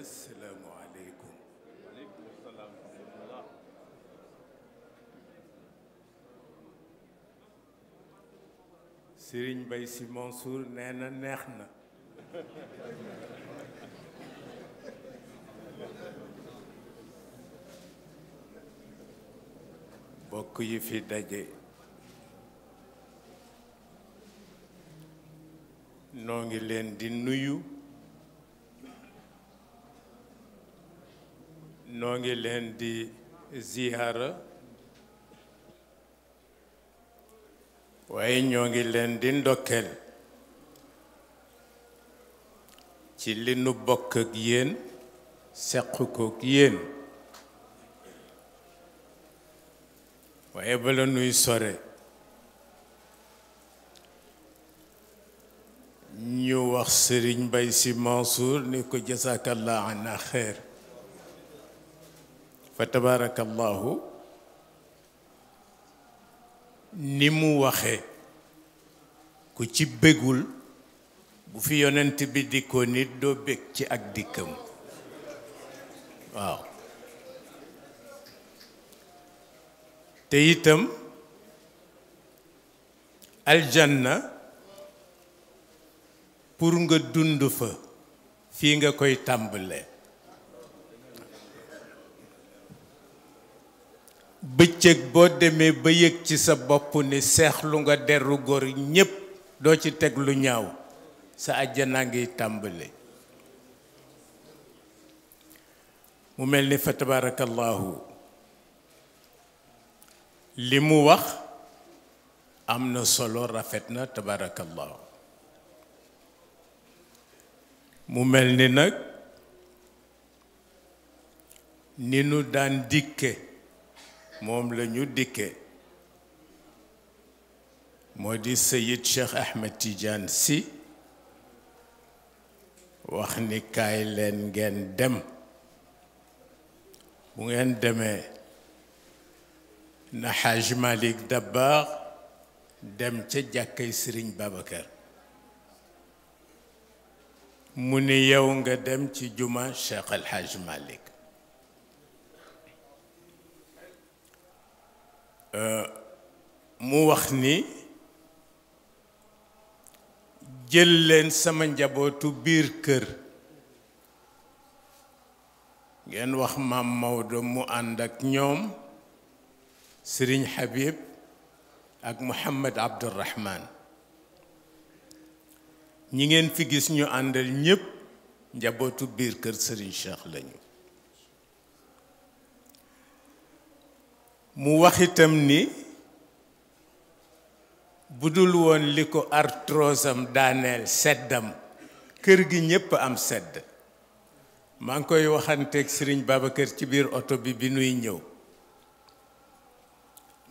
asalaamualeykum waaleykum salaam Bay Si Mansour nee na neex na bokk yi fi daje noo ngi leen di nuyu noo leen di ziyaara waaye ñoo ngi leen di ndokkel ci li nu bokk ak yéen seq ko ak yéen waaye bala nuy sore ñu wax Sëriñ bay Si Mansour ni ko jazakallah ana xeer fa tabaarakallaahu ni mu waxe ku ci bëggul bu fi yonent bi dikkoo nit doo bëgg ci ak dikkam waaw te itam aljanna pour nga dund fa fii nga koy tàmbale bëccëg boo demee ba yëg ci sa bopp ni seexlu nga deru góor ñépp doo ci teg lu ñaaw sa àjjanaa ngi tàmbali mu mel ni fa tabaarakallaahu li mu wax am na solo rafet na tabaarakallaahu mu mel ni nag ni nu daan dikke moom lañu ñu dikkee moo di Seyid Cheikh Ahmed Tidiane Sy wax ni kaay leen ngeen dem bu ngeen demee na Xaaj Malik Dabakh dem ca jàkkay Sëriñ babakër mu ni yow nga dem ci juma Cheikh Al Xaaj Malik Euh, mu wax ni jël leen sama njabootu biir kër ngeen wax maam Maodo mu ànd ak ñoom sëriñ Habib ak Mouhamed Abdourahman ñi ngeen fi gis ñu àndal ñépp njabootu biir kër Serigne Cheikh lañu mu waxitam ni budul woon li ko artrosam daaneel seddam kër gi ñépp am sedd maa ngi koy waxanteeg sëriñ kër ci biir oto bi bi nuy ñëw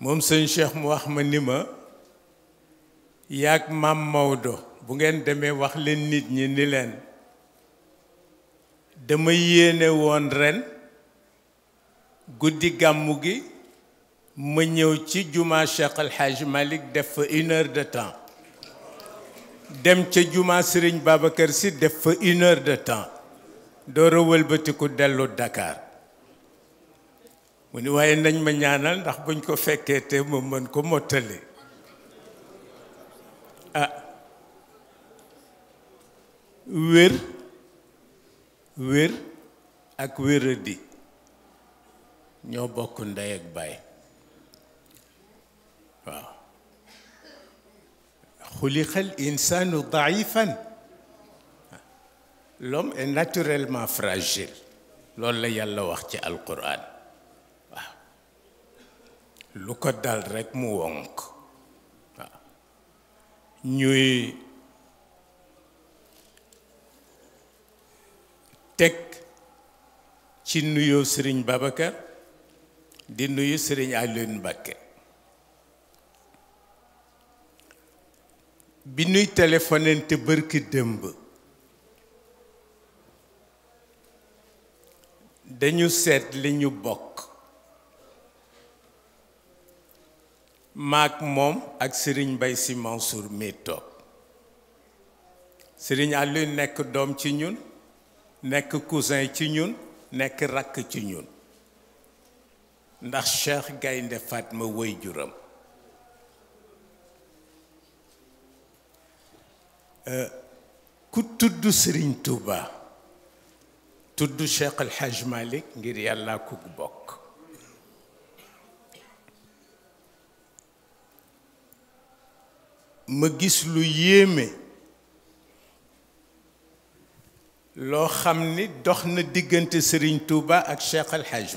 moom sëñ Cheikh mu wax ma ni ma yaag maam Maodo bu ngeen demee wax leen nit ñi ni leen dama yéene woon ren guddi gàmmu gi ma ñëw ci jumaa Cheikh El Hadj Malick def fa une de temps dem ca jumaa Serigne Babacar Sy def fa une de temps door a wëlbatiku dellu Dakar mu ni waaye nañ ma ñaanal ndax buñ ko fekkee te ma mën ko mottali ah wér wér ak wéradi ñoo bokk ndey ak baay xuliqa al insaanu daifan l'homme est naturellement fragile loolu la yàlla wax ci alquran waaw lu ko dal rekk mu wonk ñuy teg ci nuyoo sëriñ Babacar di nuyu sëriñ Alioune Mbacké bi nuy téléphonente bërki démb dañu seet li ñu bokk maak moom ak Serigne Mbaye Sy Mansour mii toog Serigne Alioune nekk doom ci ñun nekk cousin ci ñun nekk rakk ci ñun ndax Cheikh Gaynde Fatma wëy juram ku tudd Serigne Touba tudd Cheikh El Hadj ngir yàlla ku bokk ma gis lu yéeme loo xam ni dox na diggante sëriñ tuuba ak Cheikh El Hadj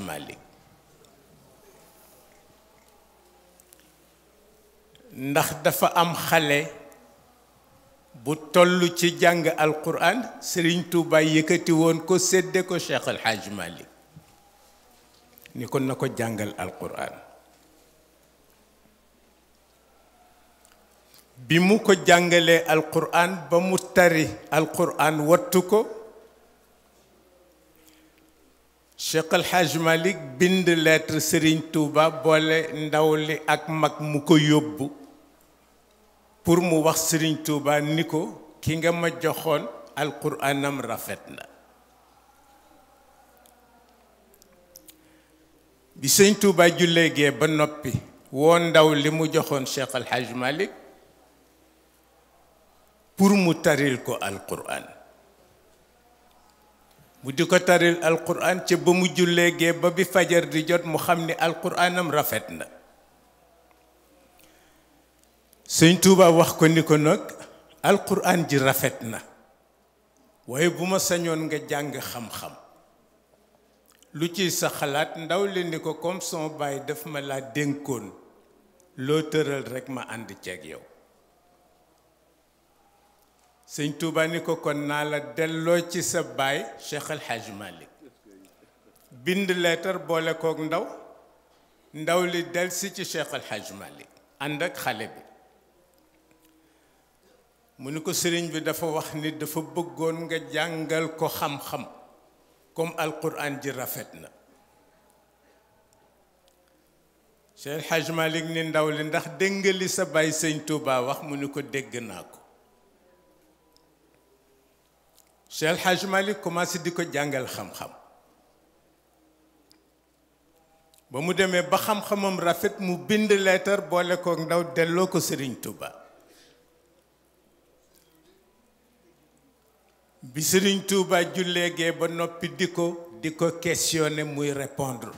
ndax dafa am xale. bu tollu ci jàng alquran sëriñ Touba yëkkati ko sedd ko Cheikh El Hadj ni kon na ko jàngal alquran bi mu ko jàngalee alquran ba mu tari alquran wattu ko Cheikh El Hadj Malick bind lettre Serigne Touba boole ndaw li ak mag mu ko yóbbu. pour mu wax sëriñ Tuuba ni ko ki nga ma joxoon alquraanam rafet na bi sëñ Tuuba julleegee ba noppi woo ndaw li mu joxoon Cheikh Al Hadj pour mu taril ko alquraan mu di ko taril alquraan ca ba mu julleegee ba bi fajar di jot mu xam ni alquraanam rafet na sëñ Tuuba wax ko ni ko nag alquran ji rafet na waaye bu ma sañoon nga jàng xam-xam lu ci sa xalaat ndaw li ni ko comme son baay daf ma laa dénkoon loo tëral rekk ma ànd ceeg yow sëñ Tuuba ni ko kon naa la delloo ci sa baay Cheikh El Hadj bind leetar boole kook ndaw ndaw li del si ci Cheikh El Hadj ànd ak xale bi mu ni ko sëriñ bi dafa wax ni dafa bëggoon nga jàngal ko xam-xam comme alquran ji rafet na Cheikh El Hadj ni ndaw li ndax dégg li sa baay sëñ Touba wax mu ni ko dégg naa ko Cheikh El Hadj Malick di ko jàngal xam-xam ba mu demee ba xam-xamam rafet mu bind leetar boole ko ndaw delloo ko sëriñ Touba bi sëriñ ju julleegee ba noppi di ko di ko questionner muy repondre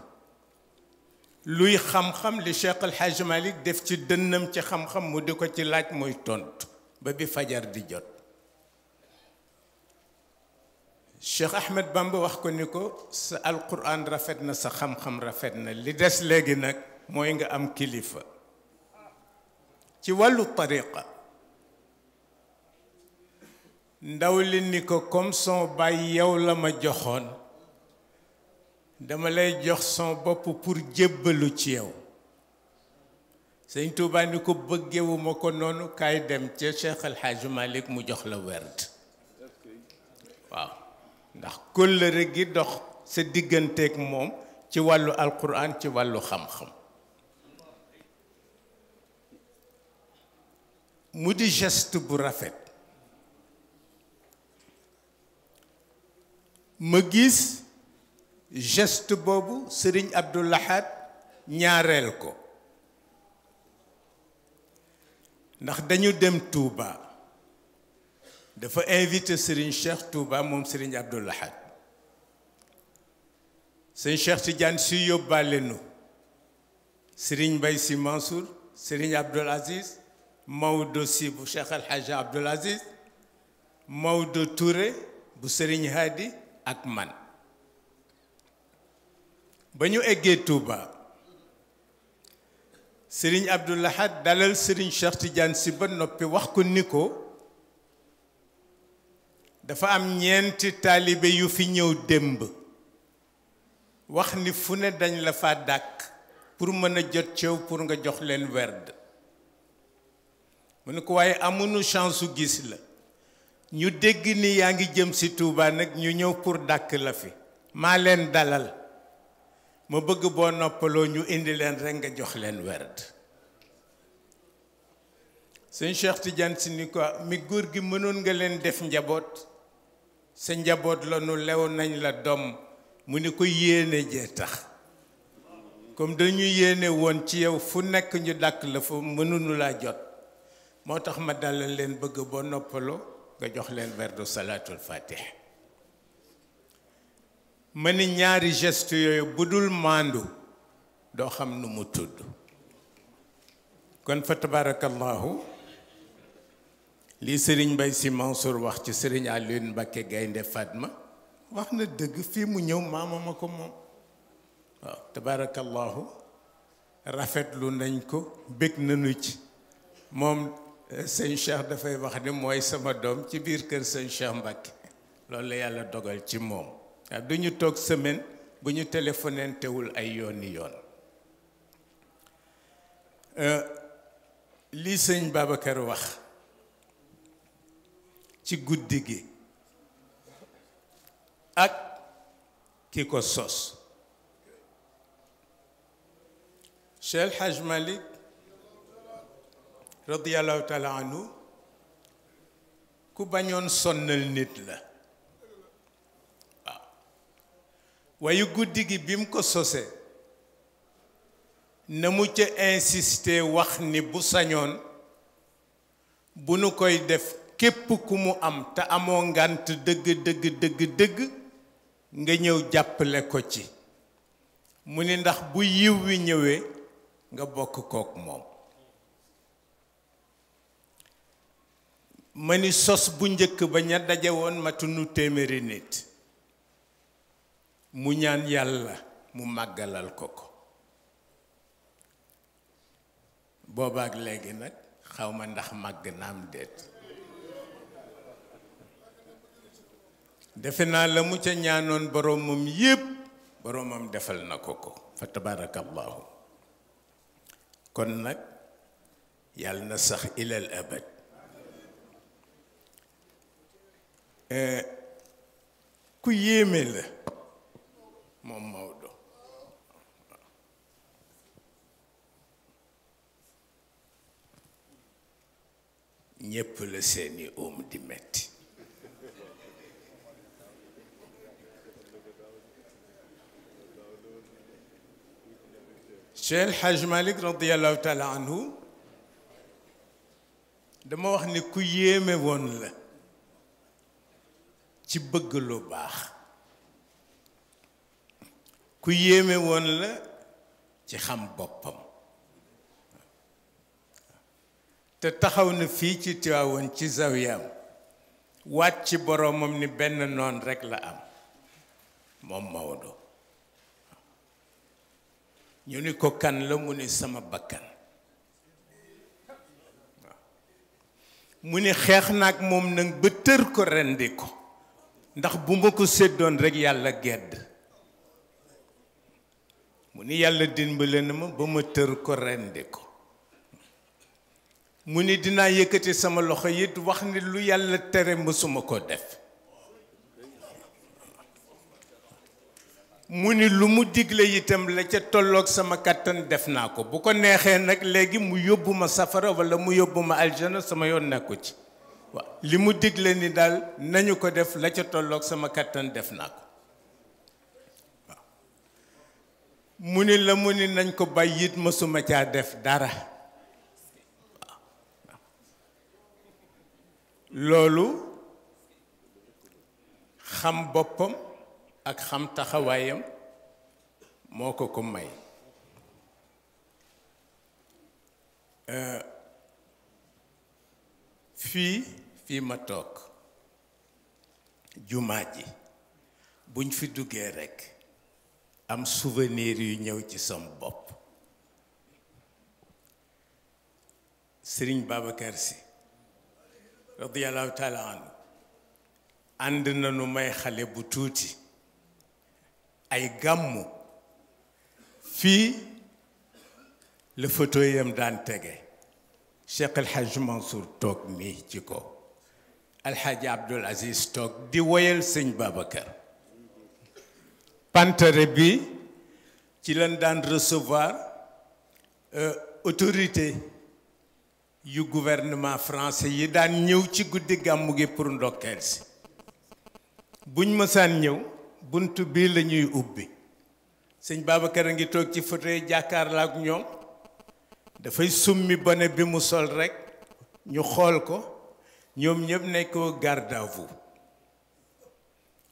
luy xam-xam li Cheikh El Hadj def ci dënnam ci xam-xam mu di ko ci laaj muy tontu ba bi fajar di jot Cheikh Ahmed Bamba wax ko ni ko sa alquran rafet na sa xam-xam rafet na li des léegi nag mooy nga am kilifa ci wàllu tariqa ndaw li ni ko comme son baay yow la ma joxoon dama lay jox son bopp pour jébbalu ci yow sëñ Tuubaa ni ko bëggewuma ko noonu kaay dem ca Cheikh El Hadj mu jox la werd waaw ndax kóllëre gi dox sa digganteeg moom ci wàllu alquran ci wàllu xam-xam mu di gest bu rafet ma gis geste boobu Sëriñ Abdul Ahad ñaareel ko ndax dañu dem Touba dafa invité Serigne Cheikh Touba moom Serigne Abdul Ahad Serigne Cheikh Tidiane si yóbbaale nu Serigne Mbaye Sy Mansour Serigne Abdul Aziz Maodo Sy bu Cheikh Al Abdul Aziz Maodo Touré bu Serigne Hadi ak man ba ñu eggee Touba sëriñ Abdou Lahad dalal Serigne Cheikh si ba noppi wax ko ni ko dafa am ñeenti taalibe yu fi ñëw démb wax ni fu ne dañ la fa dàkk pour mën a jot ceew pour nga jox leen werd mu ne ko waaye amuñu chance su gis la ñu dégg ni yaa ngi jëm si Touba nag ñu ñëw pour dàkk la fi maa leen dalal ma bëgg boo noppaloo ñu indi leen rekk nga jox leen werd sëñ Cheikh Tidiane si ni ko mi góor gi mënoon nga leen def njaboot sa njaboot la nu lew nañ la doom mu ni ko yéene jee tax comme dañuy yéene woon ci yow fu nekk ñu dàkk la fa mënunu laa jot moo tax ma dalal leen bëgg boo noppaloo nga jox leen werdu salaatul fatih ma ni ñaari gestu yooyu bu dul màndu doo xam nu mu tudd kon fa tabarakallahu lii sëriñ Mbay Si Mansour wax ci sëriñ Alioune Mbakke Gaynde ma wax na dëgg fii mu ñëw maama ma ko moom waaw tabarakallahu rafetlu nañ ko bég nañu ci moom sëñ Cheikh dafay wax ni mooy sama doom ci biir kër sëñ Cheikh Mbacke loolu la yàlla dogal ci moom waaw du ñu toog semaine bu ñu téléphonentewul ay yoon yoon euh, lii sëñ Babacar wax ci guddi gi ak ki ko sos Cheikh Haj Malick radiallahu taala ku bañoon sonnal nit la waaw waaye guddi gi bi mu ko sose na mu ca insisté wax ni bu sañoon bu nu koy def képp ku mu am te amoo ngant dëgg dëgg dëgg dëgg nga ñëw jàppale ko ci mu ni ndax bu yiw wi ñëwee nga bokk kook moom ma ni sos bu njëkk ba ña dajewoon woon matunu téeméeri nit mu ñaan yàlla mu màggalal ko ko boobaak léegi nag xawma ndax màgg naam déet defe naa la mu ca ñaanoon boromam yépp boromam defal na ko ko fa tabarakallahu kon nag yàlla na sax ilal abad Eh, ku yéeme la moom Maodo ñépp la seeni oom di metti Cheikh El Hadj Malick radiallahu taala anhu dama wax ni ku yéeme woon la ci bëgg lu baax ku yéemewoon la ci xam boppam te taxaw na fii ci Tiwaawoon ci zawiyaam waat ci ni benn noon rekk la am moom Maodo ñu ni ko kan la mu ni sama bakkan mu ni xeex naag moom nag ba tër ko rendi ko ndax bu ma ko seddoon rekk yàlla gedd mu ni yàlla dimbale na ma ba ma tër ko rendi ko mu ni dinaa yëkkati sama loxo it wax ni lu yàlla tere mësuma ko def mu ni lu mu digle itam la ca tollook sama kàttan def naa ko bu ko neexee nag léegi mu yóbbu ma safara walla mu yóbbu ma aljana sama yoon nekku ci waaw li mu digle ni daal nañu ko def la ca tollook sama kattan def naa ko mu ni la mu ni nañ ko bàyyi masuma caa def dara loolu xam boppam ak xam taxawaayam moo ko ko may euh, fii fii ma toog jumaa ji buñ fi duggee rekk am souvenir yu ñëw ci sam bopp sëriñ Babacar Sy radiallahu taala anhu ànd nañu may xale bu tuuti ay gàmmu fii la yam daan tege Cheikh El Hadj Mansour ci ko El Hadj Abdoul Aziz toog di woyal sëñ Babacar pantere bi ci lañ daan recevoir euh, autorité yu gouvernement français yi daan ñëw ci guddi gàmmu gi pour ndokkeel si buñ mësaan ñëw bunt bi lañuy ñuy ubbi sëñ Babacar a ngi toog ci fauteuil jàkkaarloo ak ñoom dafay summi bone bi mu sol rekk ñu xool ko ñoom ñëpp nekkoo garde à vous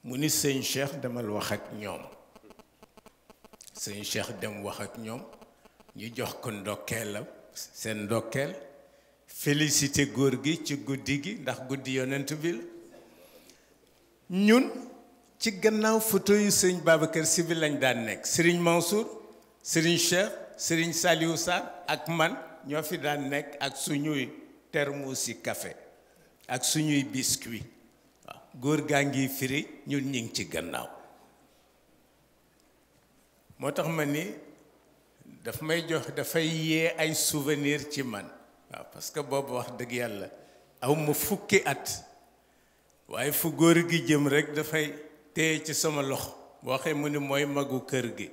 mu ni sëñ Cheikh demal wax ak ñoom dem wax ak ñoom ñu jox ko ndokkeelam seen ndokkeel félicité góor gi ci guddi gi ndax guddi yonent bi la ñun ci gannaaw foto yu sëñ Babacar Sy bi lañ daan nekk Serigne Mansour Serigne Cheikh Serigne Saliou Sarr ak man ñoo fi daan nekk ak suñuy termusi kafe ak suñuy biscuit waaw góor gaa ngi firi ñu ngi ci gannaaw moo tax ma ni daf may jox dafay yee ay souvenir ci man waaw parce que boobu wax dëgg yàlla awma fukki at waaye fu góor gi jëm rekk dafay téye ci sama lox boo waxee mu ni mooy magu kër gi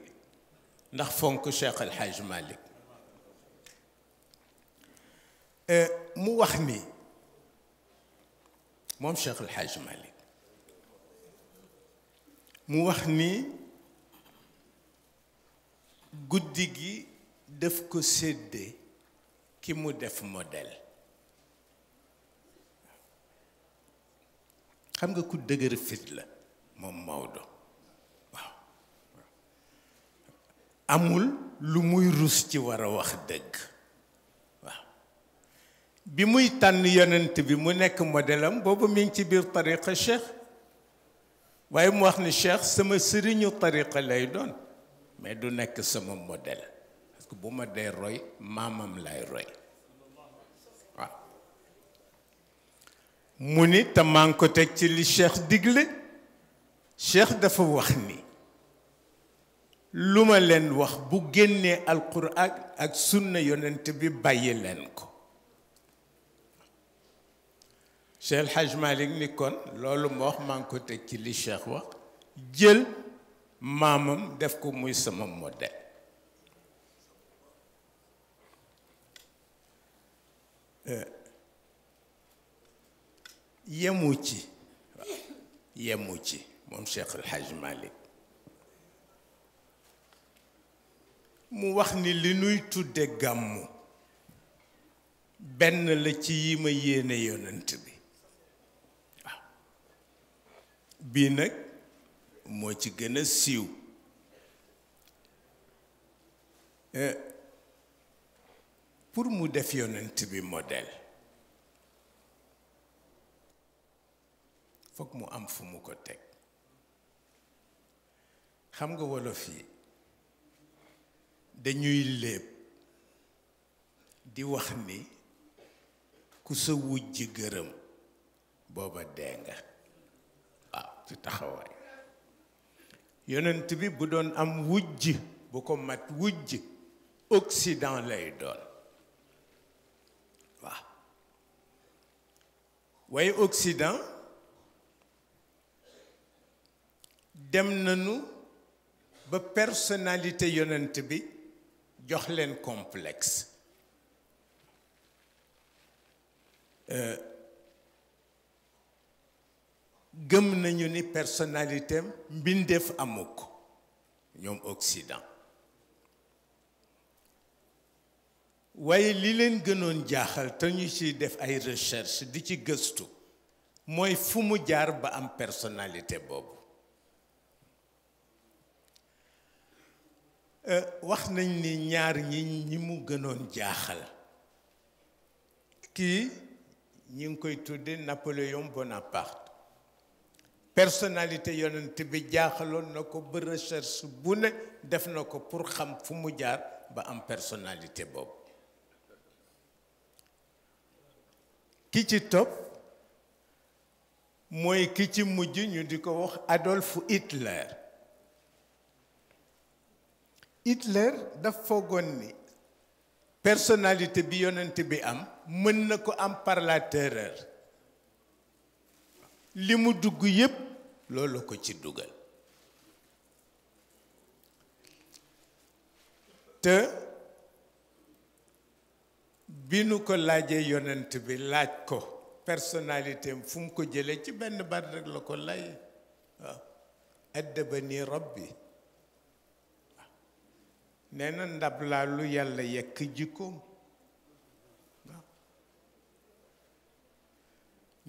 ndax fonk euh, Cheikh El Hadj Malick mu wax ni moom Cheikh El Hadj mu wax ni guddi gi def ko sédde ki mu def model xam nga ku dëgër fit la moom Maodo amul lu muy rus ci war a wax dëgg waaw bi muy tànn yonent bi mu nekk modelam boobu mi ngi ci biir tariqa cheikh waaye mu wax ni cheikh sama sëriñu tariqa lay doon mais du nekk sama modèle parce que bu ma dee roy maamam lay roy mu ni te maa ngi ko teg ci li cheikh digle cheikh dafa wax ni lu ma leen wax bu génnee alquran ak sunna yonent bi bàyyi leen ko Cheikh El Hadj ni kon loolu ma wax maa ko teg ci li Cheikh wax jël maamam def ko muy sama modèle yemu ci yemu ci moom Cheikh El Hadj mu wax ni li nuy tudde gàmmu benn la ci yi ma yéene yonant bi waaw bii nag moo ci gën a siiw eh, pour mu def yonant bi modèle foog mu am fu mu ko teg xam nga wolof yi dañuy léeb di wax ni ku sa wujj gërëm booba dee waaw ci taxawaay yonent bi bu doon am wujj bu ko mat wujj occident lay doon waaw waaye occident dem nañu ba personnalité yonent bi jox leen complexe euh, gëm nañu ni personnalité am mbindeef amu ko ñoom Occident waaye li leen gënoon jaaxal te ñu ciy def ay recherche di ci gëstu mooy fu mu jaar ba am personnalité boobu Euh, wax nañ ni ñaar ñi ñi mu gënoon jaaxal kii ñi ngi koy tudde Napoléon Bonaparte personnalité yonent bi jaaxaloon na ko ba recherche bu ne def na ko pour xam fu mu jaar ba am personnalité boobu ki ci topp mooy ki ci mujj ñu di ko wax Adolf Hitler Hitler daf foogoon ni personnalité bi yonent bi am mën na ko am par la li mu dugg yépp loolu ko ci dugal te bi nu ko laajee yonent bi laaj ko personnalité am fu mu ko jëlee ci benn baat rek la ko lay waaw addabani rabbi nee na ndab laa lu yàlla yekk jikkoom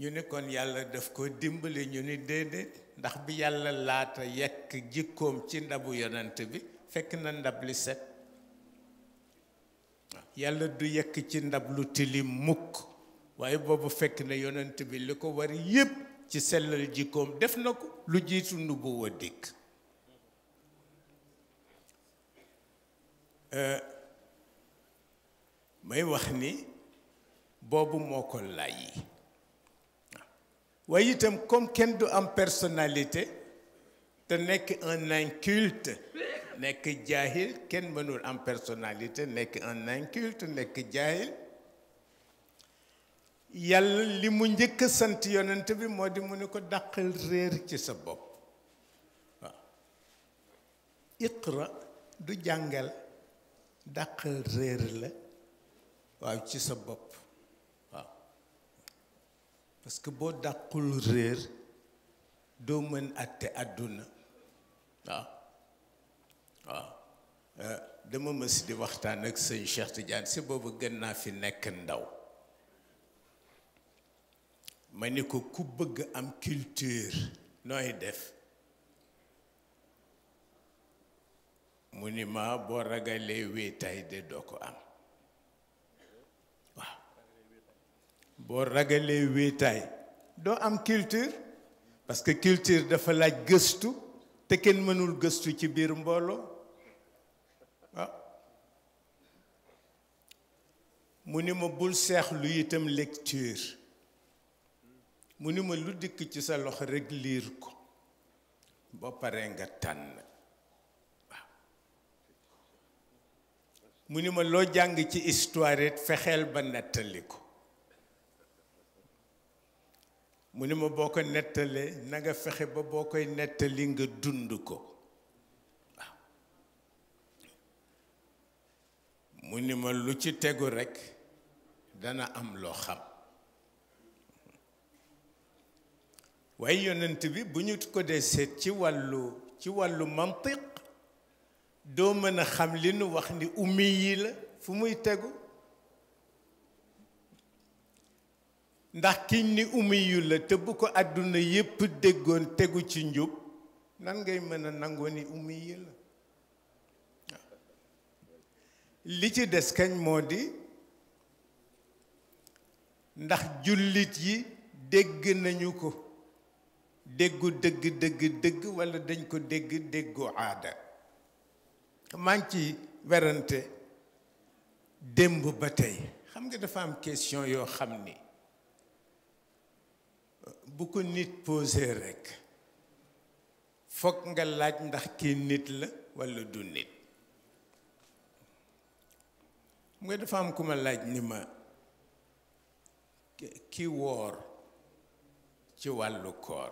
ñu ne kon yàlla daf ko dimbali ñu ni déedéet ndax bi yàlla laata yekk jikkoom ci ndabu yonent bi fekk na ndab li set yàlla du yekk ci ndab lu tilim mukk waaye boobu fekk na yonent bi li ko war yépp ci sellal jikkoom def na ko lu jiitu nubbu wa dikk Eh, may wax ni boobu moo ko lay waaye itam comme kenn du am personnalité te nekk un inculte nekk jaahil kenn mënul am personnalité nekk un inculte nekk jaahil yàlla li mu njëkk sant yonent bi moo di mu ne ko dàqal réer ci sa bopp waaw iqra du jàngal dàqal réer la waaw ci sa bopp waaw parce que boo dàqul réer doo mën àtte àdduna waaw waaw euh, dama mës di waxtaan ak sëñ Cheikh Tidiane si boobu gën naa fi nekk ndaw ma ni ko ku bëgg am culture nooy def mu ni ma boo ragalee wéetaay de doo ko am waaw boo ragalee wéetaay doo am culture parce que culture dafa laaj gëstu te kenn mënul gëstu ci biir mbooloo waaw mu ni ma bul seexlu itam lecture mu ni ma lu dikk ci sa loxo rekk liir ko ba pare nga tànn mu ni ma loo jàng ci histoire it fexeel ba nettali ko mu ni ma boo ko nettalee na fexe ba boo koy nettali nga dund ko waaw mu ni ma lu ci tegu rekk dana am loo xam waaye yonent bi bu ñu ko dee seet ci wàllu ci wàllu mantiq doo mën a xam li nu wax ni ummi yi la fu muy tegu ndax kiñ ni ummi yu la te bu ko àdduna yépp déggoon tegu ci njub nan ngay mën a nangoo ni ummi yi la li ci des kañ moo di ndax jullit yi dégg nañu ko déggu dëgg dëgg dëgg walla dañ ko dégg déggu aada maa ci werante démb ba tey xam nga dafa am question yoo xam ni bu ko nit posé rekk foog nga laaj ndax kii nit la walla du nit xam nga dafa ku ma laaj ni ma ki woor ci wàllu koor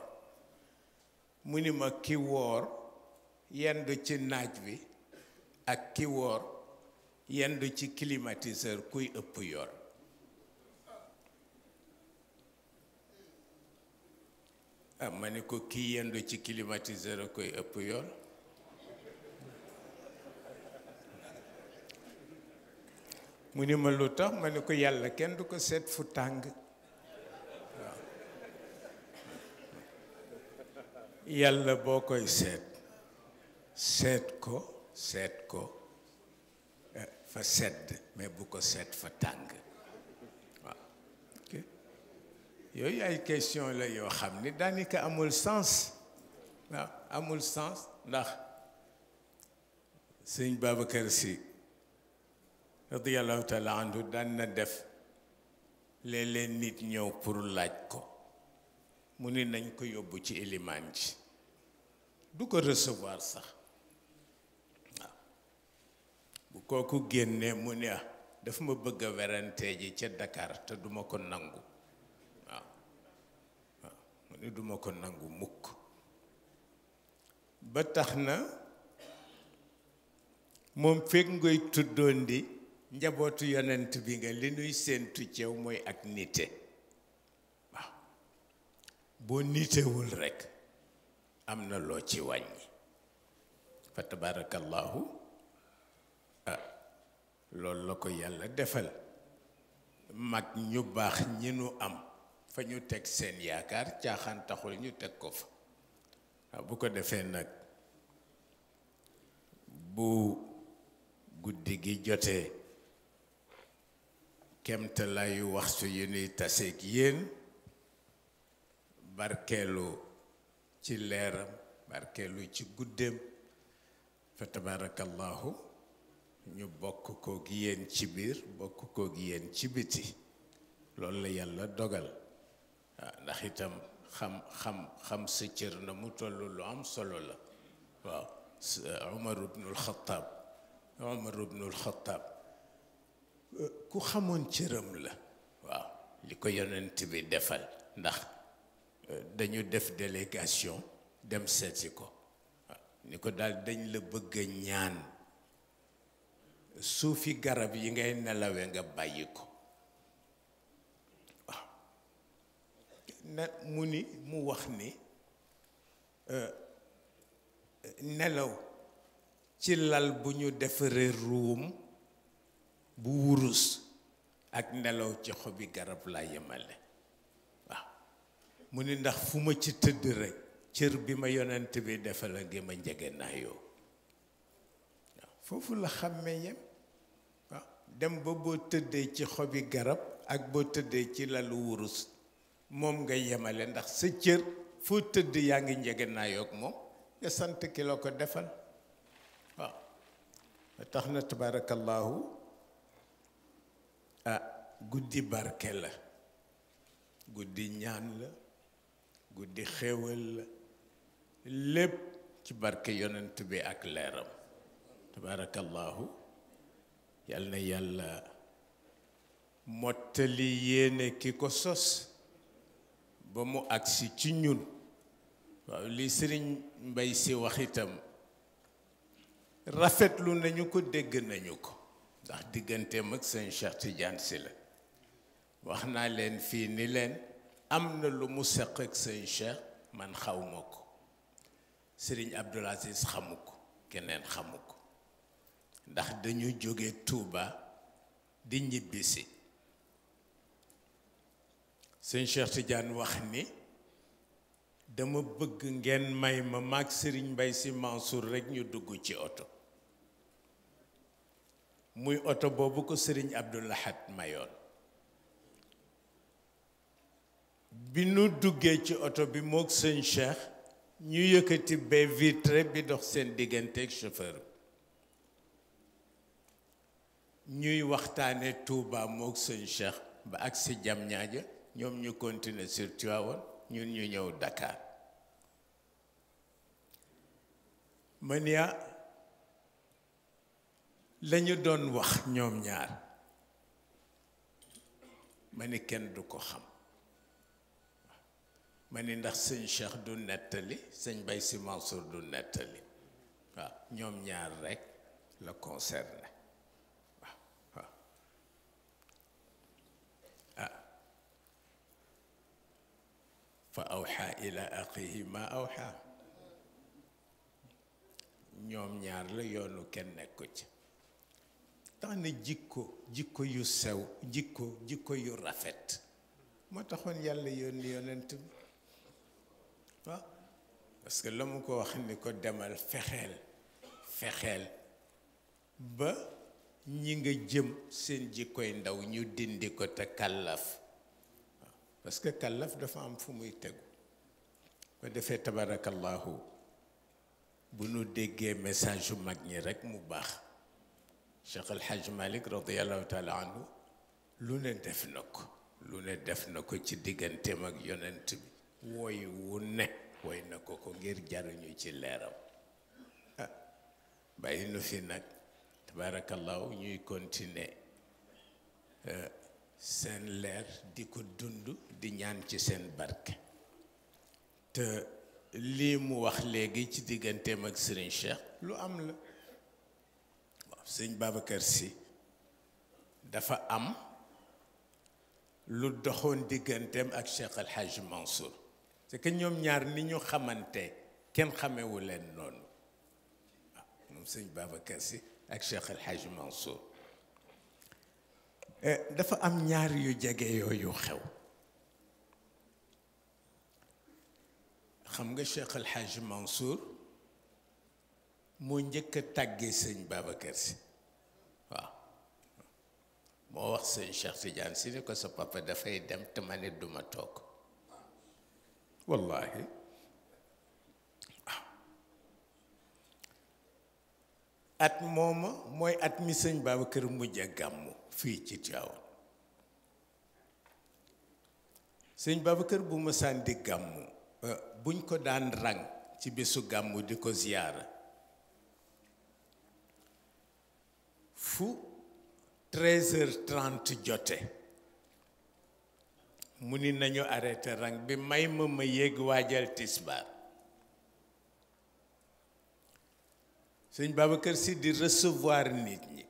mu ni ma ki woor yendu ci naaj wi ak ki woor yendu ci climatiseur kuy ëpp yoon ah, ma ne ko kii yendu ci climatiseur koy ëpp yoon mu ni ma lu tax ma ni ko yàlla kenn du ko seet fu tàng yàlla boo koy seet seet ko seet ko eh, fa sedd mais bu ko seet fa tàng waaw yooyu ay question la yoo xam ni daanaka amul sens waaw amul sens ndax sëñ Babacar Sy radiallahu taala daan na def léeg-léeg nit ñëw pour laaj ko mu ni nañ ko yóbbu ci ilimaan ji du ko recevoir sax bu kooku génnee mu ne dafa ma bëgg a werante ji ca Dakar te duma ko nangu waaw waaw mu ne duma ko nangu mukk ba tax na moom fekk ngay tuddoon di njabootu yonent bi nga li nuy séentu ceew mooy ak nite waaw boo nitewul rekk am na loo ci wàññi fa tabarakallahu loolu la ko yàlla defal mag ñu baax ñi nu am fa ñu teg seen yaakaar caaxaan ñu teg ko fa waaw bu ko defee nag bu guddi gi jotee kemta layu waxtu yi nuy taseeg yéen barkeelu ci leeram barkeelu ci guddeem fa tabarakallahu ñu bokk koog yéen ci biir bokk koog yéen ci biti loolu la yàlla dogal waaw ah, ndax itam xam xam xam sa cër na mu tollu lu am solo la waaw eh, Umar ibnul Xataab Umar ibnul Xataab eh, ku xamoon cëram la waaw li ko yonent bi defal ndax eh, dañu def délégation dem seeti ko ah, ni ko daal dañ la bëgg a ñaan suufi garab yi ngay nelawee nga bàyyi ko waaw mu ni mu wax ni euh, nelaw ci lal bu ñu defaree ruum bu wurus ak nelaw ci xobi garab laa yemale waaw mu ni ndax fu ma ci tëdd rekk cër bi ma yonent bi defal la ngi ma njege naa yoo foofu la xàmmee yem waaw dem ba boo tëddee ci xobi garab ak boo tëddee ci lalu wurus moom nga yemale ndax sa cër foo tëdd yaa ngi njëgënaayoo ak moom nga sant ki ko defal waaw tax na tabaarakallaahu ah guddi barke la guddi ñaan la guddi xéewal la lépp ci barke yonent bi ak leeram tabaarakallaahu yal na yàlla mottali yéene ki ko sos ba mu agsi ci ñun waaw li sëriñ mbay si wax itam rafetlu nañu ko dégg nañu ko ndax digganteem ak sëñ Cheikh Tidiane si la wax naa leen fii ni leen am na lu mu seq ak sëñ Cheikh man xawma ko sëriñ Abdul Aziz xamu ko keneen xamu ko ndax dañu jóge Tuuba di ñibbisi sëñ Cheikh Tidiane wax ni dama bëgg ngeen may ma maag sëriñ Mbay Si Mansour rekk ñu dugg ci oto muy oto boobu ko sëriñ Abdou Lahad mayoon bi nu duggee ci oto bi mook sëñ Cheikh ñu yëkkati ba vitre bi dox seen digganteeg chauffeur bi ñuy waxtaane Touba mook sëñ Cheikh ba ak si jam ñaaja ñoom ñu continuer sur Tivaouane ñun ñu ñëw Dakar man yaa ah, lañu doon wax ñoom ñaar ma ni kenn du ko xam ma ni ndax sëñ Cheikh du nettali sëñ Bay Si Mansour du nettali waaw ñoom ñaar rekk la concerné fa awxaa ila axihi ma awxaa ñoom ñaar la yoonu kenn nekku ci tax na jikko jikko yu sew jikko jikko yu rafet moo taxoon yàlla yónni yonent bi waaw ah, parce que la mu ko wax ni ko demal fexeel fexeel ba ñi nga jëm seen jikkoy ndaw ñu dindi ko te kàllaf parce que kàllaf dafa am fu muy tegu ko defee tabarakallahu bu nu déggee message yu mag ñi rekk mu baax Cheikh El Hadj Malick radiallahu taala anhu lu ne def na ko lu ne def na ko ci digganteem ak yonent bi wooy wu ne wooy na ko ko ngir jaruñu ci leeram ah nu fi nag tabarakallahu ñuy continuer euh, seen leer di ko dund di ñaan ci seen bark te lii mu wax léegi ci digganteem ak Serigne Cheikh lu am la waaw sëñ Babacar Sy dafa am lu doxoon digganteem ak Cheikh El Hadj Mansour c'est ñoom ñaar ni ñu xamante kenn xamewu leen noonu waaw moom sëñ Babacar Sy ak Cheikh El Hadj Eh, dafa am ñaar yu jege yooyu xew xam nga Cheikh El Hadj moo njëkk a tàggee sëñ Babacar si waaw moo wax sëñ Cheikh Tidiane si ni ko sa papa dafay dem te ma ne duma toog wallahi at mooma mooy at mi sëñ Babacar mujj a fii ci Tiwaawan sëñ Babacar bu euh, ko daan rang ci bésu gàmmu di ko ziyaara fu 13 jote mu ni nañu arrêté rang bi may ma ma yéeg waajal tisbaar sëñ Babacar si di recevoir nit ñi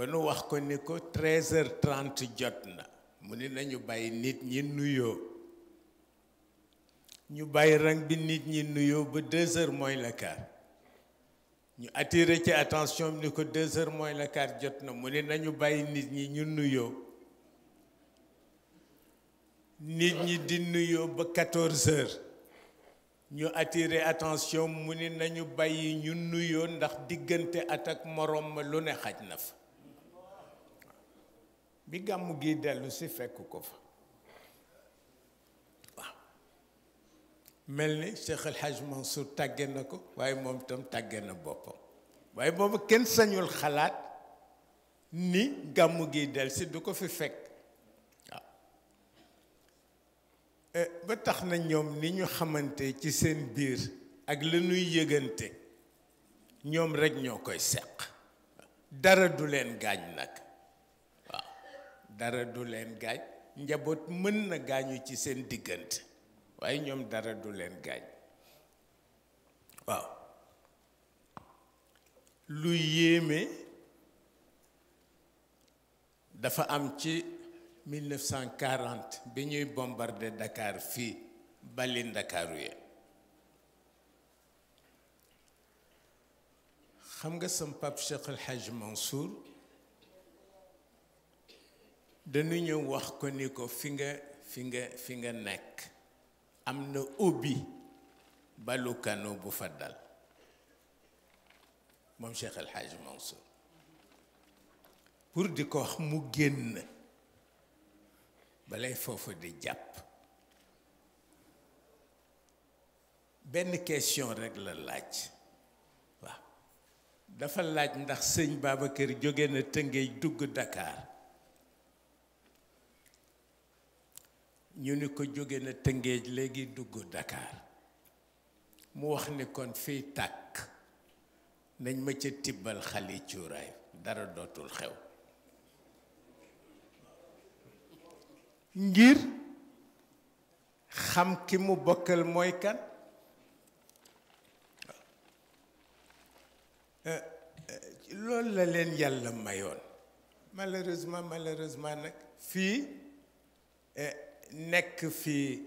ba nu wax ko ni ko treize heures trente jot na mu ni nañu bàyyi nit ñi nuyoo ñu bàyyi rang bi nit ñi nuyoo ba deux heures mooy ñu attire ci attention ni ko deux heures mooy la quart jot na mu ni nañu bàyyi nit ñi ñu nuyoo nit ñi di nuyoo ba quatorze heures ñu attire attention mu ni nañu bàyyi ñu nuyoo ndax diggante at ak morom ma lu ne xaj na fa bi gàmmu gi dellu si fekk ko fa waaw mel ni Cheikh El Hadj Mansour tàgge na ko waaye moom itam tàgge na boppam waaye boobu kenn sañul xalaat ni gàmmu gi dellu si du ko fi fekk eh, ba tax na ñoom ni ñu xamante ci seen biir ak la ñuy yëgante ñoom rekk ñoo koy seq dara du leen gaañ nag dara du leen gaañ njaboot mën na gaañu ci seen diggante waaye ñoom dara du leen gaañ waaw lu yéeme dafa am ci 1940 bi ñuy bombardé Dakar fii bali Ndakaaru ya xam nga sam Pape Cheikh El Hadj Mansour dañu ñëw wax ko ni ko fi nga fi nga fi nga nekk am na ubbi balu kano bu fa dal moom Cheikh El Hadj pour di ko wax mu génn balay foofu di jàpp benn question rek la laaj waaw dafa laaj ndax sëñ Babacar jóge na Tëngéej dugg Dakar ñu ni ko jóge na tëngéej léegi dugg Dakar mu wax ni kon fii tàkk nañ ma ca tibbal xali cuuraay dara dootul xew ngir xam ki mu bokkal mooy kan eh, eh, loolu la leen yàlla mayoon malheureusement malheureusement nag fii eh, nekk fi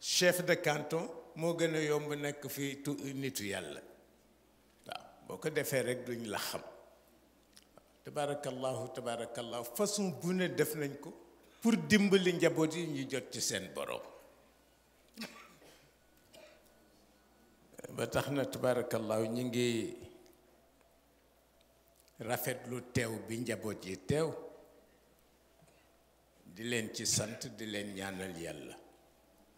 chef de canton moo gën a yomb nekk fi tu nitu yàlla waaw boo ko defee rek duñ la xam tabaarakallahu tabaarakallahu façon bu ne def nañ ko pour dimbali njaboot yi ñu jot ci seen borom ba tax na tabaarakallahu ñi ngi rafetlu teew bi njaboot yi teew di leen ci sant di leen ñaanal yàlla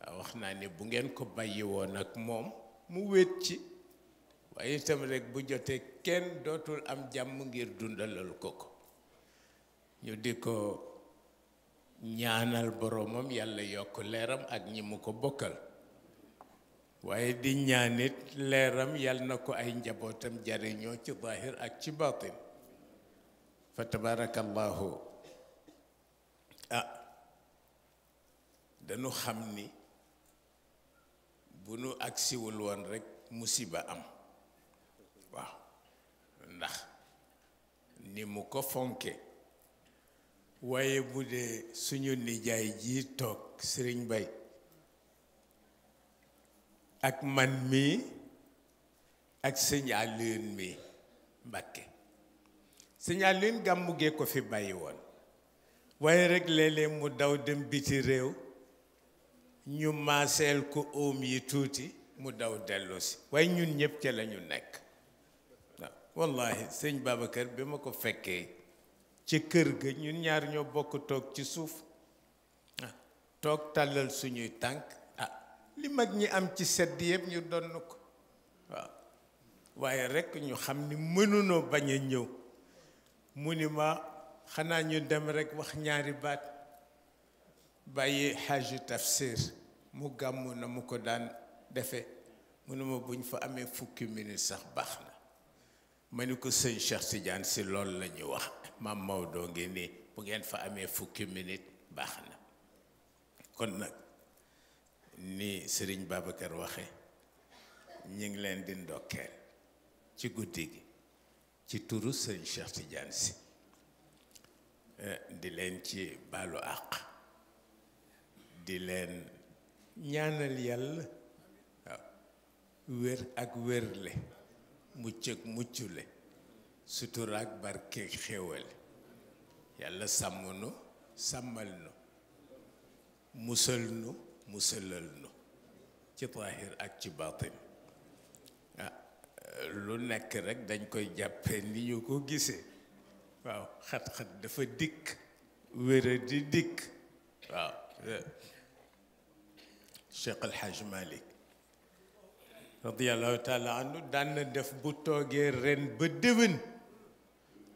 ah, wax naa ni bu ngeen ko bàyyi woon ak moom mu wéet ci waaye itam rek bu jotee kenn dootul am jàmm ngir dundalal ko ko ñu di ko ñaanal boroomam yàlla yokk leeram ak ñi mu ko bokkal waaye di ñaanit leeram yàlla na ko ay njabootam jariñoo ci zaahir ak ci baatin ah dañu xam ni bu nu agsiwul woon rekk musiba am waaw ndax ni mu ko fonke waaye bu dee suñu nijaay ji toog sëriñ bay ak man mii ak sëñ Alioune mii Mbàkke sëñ gàmmu gee ko fi bàyyi woon waaye rek léeg-léeg mu daw dem biti réew ñu maaseel ko oom yi tuuti mu daw dellu si waaye ñun ñëpp ca la nekk waaw wallahi sëñ kër bi ma ko fekkee ci kër ga ñun ñaar ñoo bokk toog ci suuf toog tàllal suñuy tànk ah li mag ñi am ci sedd yëpp ñu donn ko waaw waaye rekk ñu xam ni mënunoo bañ a ñëw mu ni ma xanaa ñu dem rekk wax ñaari baat bàyyi xaaju tafsir mu gàmmu na mu ko daan defe mënuma buñ fa amee fukki minute sax baax na ma ni ko sëñ Cheikh Tidiane si lool la ñu wax maam Maodo ngi nii bu ngeen fa amee fukki minute baax na kon nag ni sëriñ Babacar waxe ñi ngi leen di ndokkeel ci guddi gi ci turu sëñ Cheikh Tidiane si di leen ci baalu àq di leen ñaanal yàlla wér ak wérle mucc ak muccule sutura ak barkeeg xéewale yàlla sàmm nu sàmmal nu musal nu musalal nu ci taahir ak ci baatin ah, lu nekk rekk dañ koy jàppe ni ñu ko gisee waaw xat-xat dafa dikk wéra di dikk waaw eh. Cheikh El Hadj radiallahu taala anhu daan def bu toogee ren ba déwén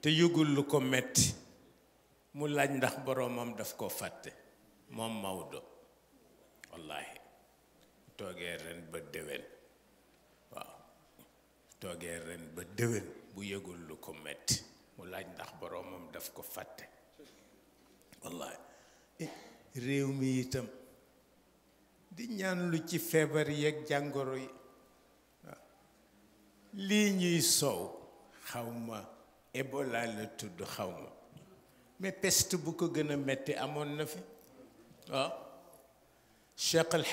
te yëgul lu ko metti mu laaj ndax boroomam daf koo fàtte moom Maodo wallaahi toogee ren ba déwén waaw toogee ren ba déwén bu yëgul lu ko metti mu laaj ndax boroomam daf ko fàtte wallaay eh, réew mi itam di ñaan lu ci feebar yeeg jàngoro yi lii ñuy soow xawma Ebola la tudd xawma mais peste bu ko gën a metti amoon na fi waaw Cheikh El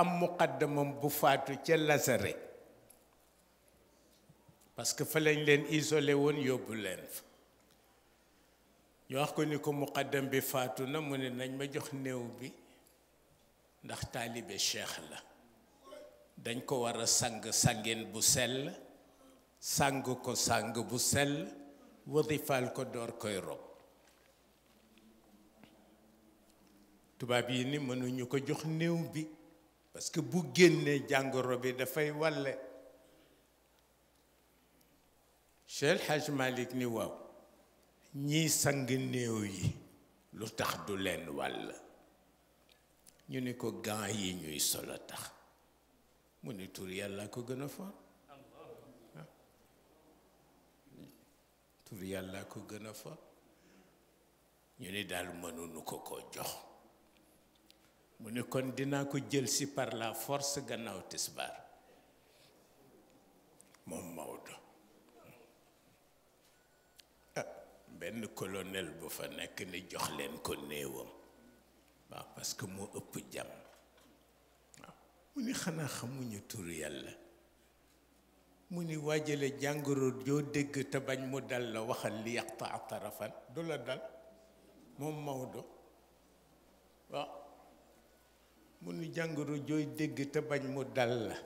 am muqaddamam bu faatu ca Lazare parce que fa lañ leen isole woon yóbbu leen fa ñu wax ko ni ko muqaddam bi faatu na mu ne nañ ma jox néew bi ndax taalibe cheikh la dañ ko war a sang sangin bu sel sang ko sang bu sel wadifaal ko door koy rob tubaab yi ni mënuñu ko jox néew bi parce bu génnee jàngoro bi dafay walle Cheikh Hadj Malick ni waaw ñii sang néew yi lu tax du leen wàll la ñu ni ko gan yi ñuy solo tax mu ni tur yàlla ko gën a for ah. tur ko gën a ñu ni daal mënuñu ko ko jox mu ni kon dinaa ko jël si par la force gannaaw tisbaar moom Maodo benn colonel bu fa nekk ni jox leen ko néewam waaw parce que moo ëpp jàmm waaw mu ni xanaa xamuñu tur yàlla mu ni waajale jàngoro joo dégg te bañ mu dal la waxal li yaqtaa tarafan du la dal moom Maodo waaw mu ni jàngoro jooy dégg te bañ mu dal la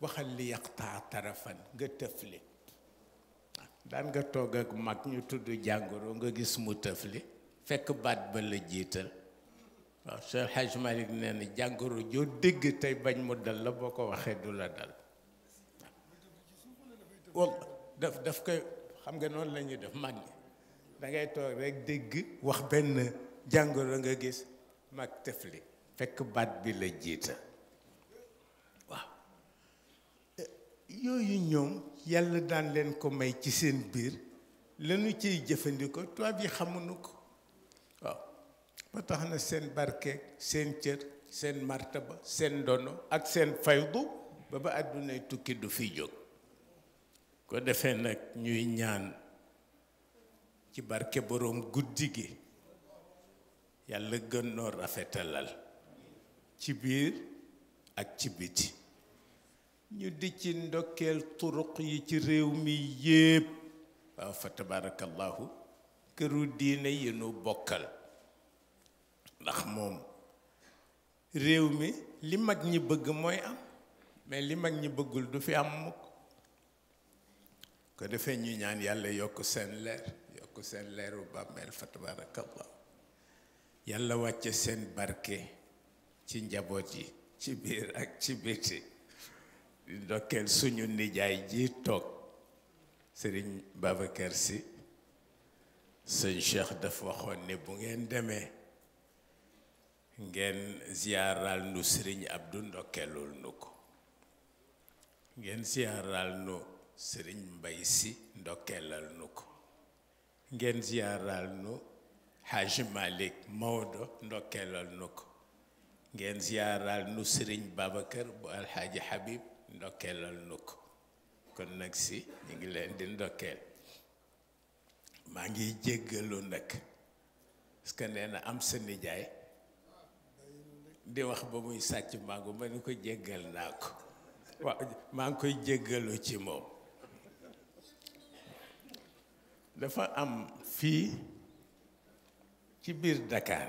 waxal li yaqtaa tarafan nga tëfli daan nga toog ak mag ñu tudd jàngoro nga gis mu li fekk baat ba la jiital waaw Cheikh Haj Malick nee na jàngoro joo dégg tey bañ mu dal la boo ko waxee du la dal waaw daf daf koy xam nga noonu la def mag ñi da ngay toog rek dégg wax benn jàngoro nga gis mag li fekk baat bi la jiital yooyu ñoom yàlla daan leen ko may ci seen biir lanu ciy jëfandikoo tubaab yi xamuñu ko waaw ba tax na seen barkeeg seen cër seen martaba seen ndono ak seen faydu ba ba àddunay tukki du fi jóg ko defee nag ñuy ñaan ci barke boroom guddi gi yàlla gën noo rafetalal ci biir ak ci biti ñu di ci ndokkeel turuq yi ci réew mi yépp waaw fa tabarakallahu këru diine yi nu bokkal ndax moom réew mi li mag ñi bëgg mooy am mais li mag ñi bëggul du fi am mukk ko defee ñu ñaan yàlla yokk seen leer yokk seen leeru bàmmeel fa tabarakallahu yàlla wàcce seen barke ci njaboot yi ci biir ak ci biti ndokkeel suñu nijaay ji toog sëriñ Babacar Sy sëñ Cheikh daf waxoon ne bu ngeen demee ngeen ziyaaral nu sëriñ Abdou ndokkeelul nu ko ngeen ziyaaral nu sëriñ Mbay si ndokkeelal nu ko ngeen ziyaaral nu Hajj Malick nu ko ngeen ziyaaral sëriñ Babacar bu alxaaji Habib ndokkeelal nu ko kon nag si ñu ngi leen di ndokkeel maa ngi jéggalu nag parce nee na am sa nijaay di wax ba muy sàcc màngo ma ni ko jéggal naa ko maa ngi koy jéggalu ci moom dafa am fii ci biir Dakar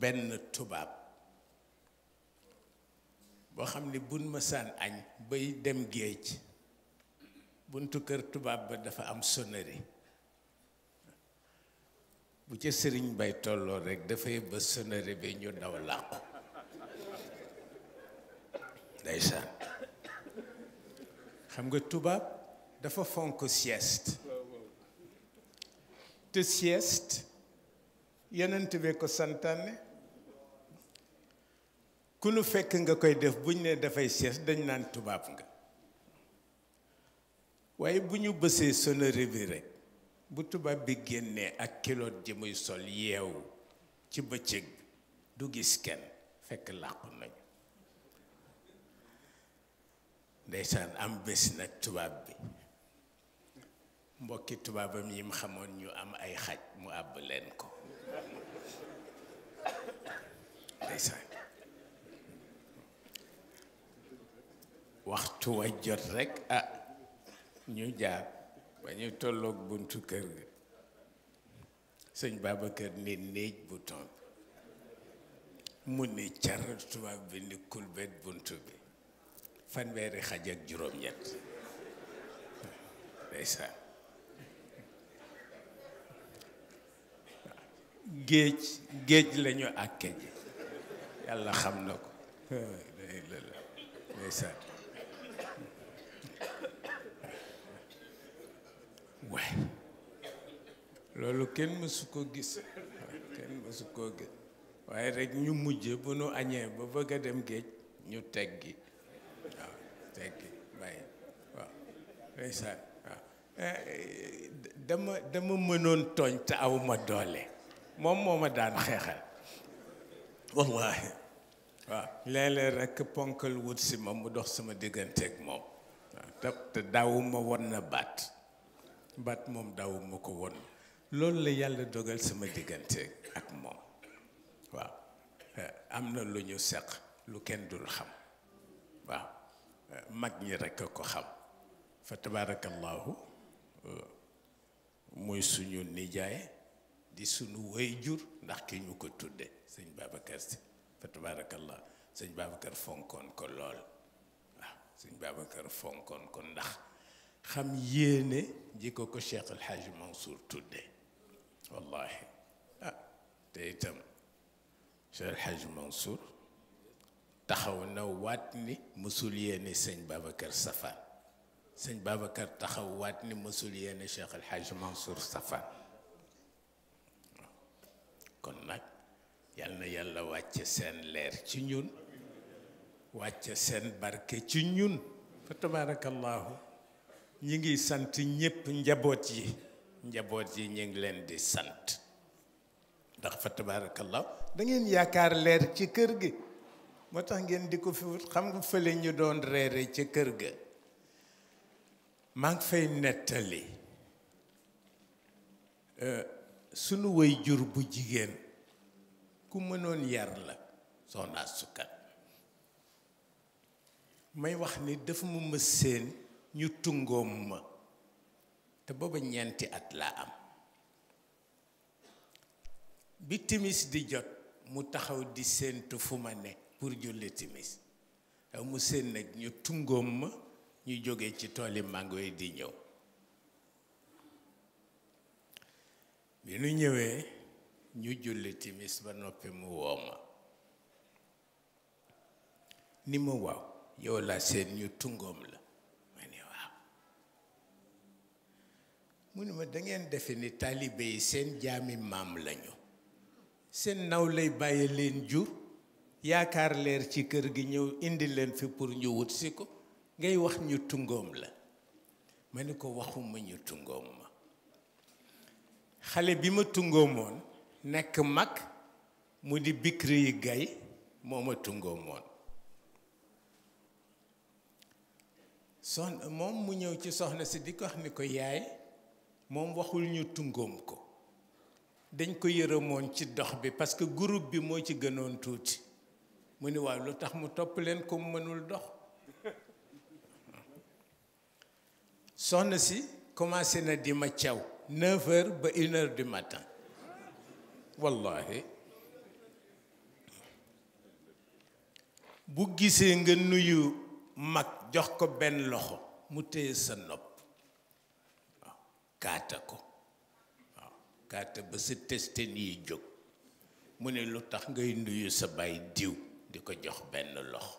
benn tubaab boo xam ne buñ ma añ bay dem géej buntu kër tubaab ba dafa am sonnerie bu ca sëriñ bay tolloo rekk dafay ba sonnerie bi ñu daw làqu ndeysaan xam nga tubaab dafa fonk sieste te sieste yenent bi ko santaane ku nu fekk nga koy def bu ñu ne dafay sees dañ naan tubaab nga waaye bu ñu bësee sonnerie bi rek bu tubaab bi génnee ak kiloot ji muy sol yeewu ci bëccëg bi du gis kenn fekk làqu nañu ndeysaan am bés nag tubaab bi mbokki tubaabam yim xamoon ñu am ay xaj mu àbb leen ko waxtu wa jot rekk ah ñu jaar ba ñu tolloog buntu kër ga sëñ Babacar ne néej bu tomb mu ne car tubaab bi ni kulbet buntu bi fanweeri xaj ak juróom-ñett ndeysaan géej géej lañu àkke ji yàlla xam na ko ndeysaan loolu kenn mësu ko gis kenn mësu waaye rek ñu mujj bu nu añee ba bëgg a dem géej ñu teggi waaw teggi bàyyi waaw ndeysaan waaw eh, dama dama mënoon tooñ te aw doole moom moo ma daan xeexal wallahi waaw léeg-léeg rek ponkal wut si ma mu dox sama digganteeg moom waaw te daawuma won na baat baat moom daawuma ko won loolu la yàlla dogal sama diggante ak moom waaw eh, am na lu ñu seq lu kenn dul xam waaw eh, mag ñi rek a ko xam fa tabaarakallaahu eh, mooy suñu nijaay di suñu wéy wayjur ndax ki ñu ko tuddee sëñ Babacar Si fa tabaarakallah sëñ Babacar fonkoon ko lool waaw sëñ Babacar ko ndax xam yéene ji ko ko Cheikh El Hadj tudde wallahi ah, te itam Cheikh El Hadj Mansour taxaw na waat ni mësul yéene sëñ Babacar safaan sëñ Babacar taxaw waat ni mësul yéene Cheikh El Hadj Mansour safaan kon nag yal na yàlla wàcc seen leer ci ñun wàcc seen barke ci ñun fa tabaarakallaahu ñi ngi sant ñépp njaboot yi njaboot yi ñu ngi leen di sant ndax fa tabaarakallaahu da yaakaar leer ci kër gi moo tax ngeen di ko fi wut xam nga fële ñu doon reere ci kër ga maa ngi fay nettali euh, sunu woy jur bu jigéen ku mënoon yar la soxna sukkat may wax ni dafa ma mës seen ñu tungoom ma te booba ñeenti at laa am bi timis di jot mu taxaw di séentu fu ma ne pour julli timis daw mu seen nag ñu tungoom ma ñu jóge ci tooli màngo yi di ñëw bi nu ñëwee ñu julli timis ba noppi mu wooma ni ma waaw yow laa seen ñu tungoom la ma ne waaw mu ne ma dangeen defe ni taalibe yi seen jaami maam lañu seen naw lay bàyyi leen jur yaakaar leer ci kër gi ñëw indi leen fi pour ñu wut si ko ngay wax ñu tungoom la ma ni ko waxuma ñu tungoom ma xale bi ma tungoomoon nekk mag mu di bikri yi gay moo ma tungoo moon moom mu ñëw ci soxna si di ko wax ni ko yaay moom waxul ñu tungoom ko dañ ko yërëmoon ci dox bi parce que groupe bi moo ci gënoon tuuti mu ni waaw lu tax mu topp leen ko mu mënul dox soxna si commencé na di ma caw 9 ba une du matin wallaahi bu gisee nga nuyu mag jox ko benn loxo mu téye sa nopp waaw kaata ko kaata ba sa testé nii jóg mu ne lu tax ngay nuyu sa baay diw di ko jox benn loxo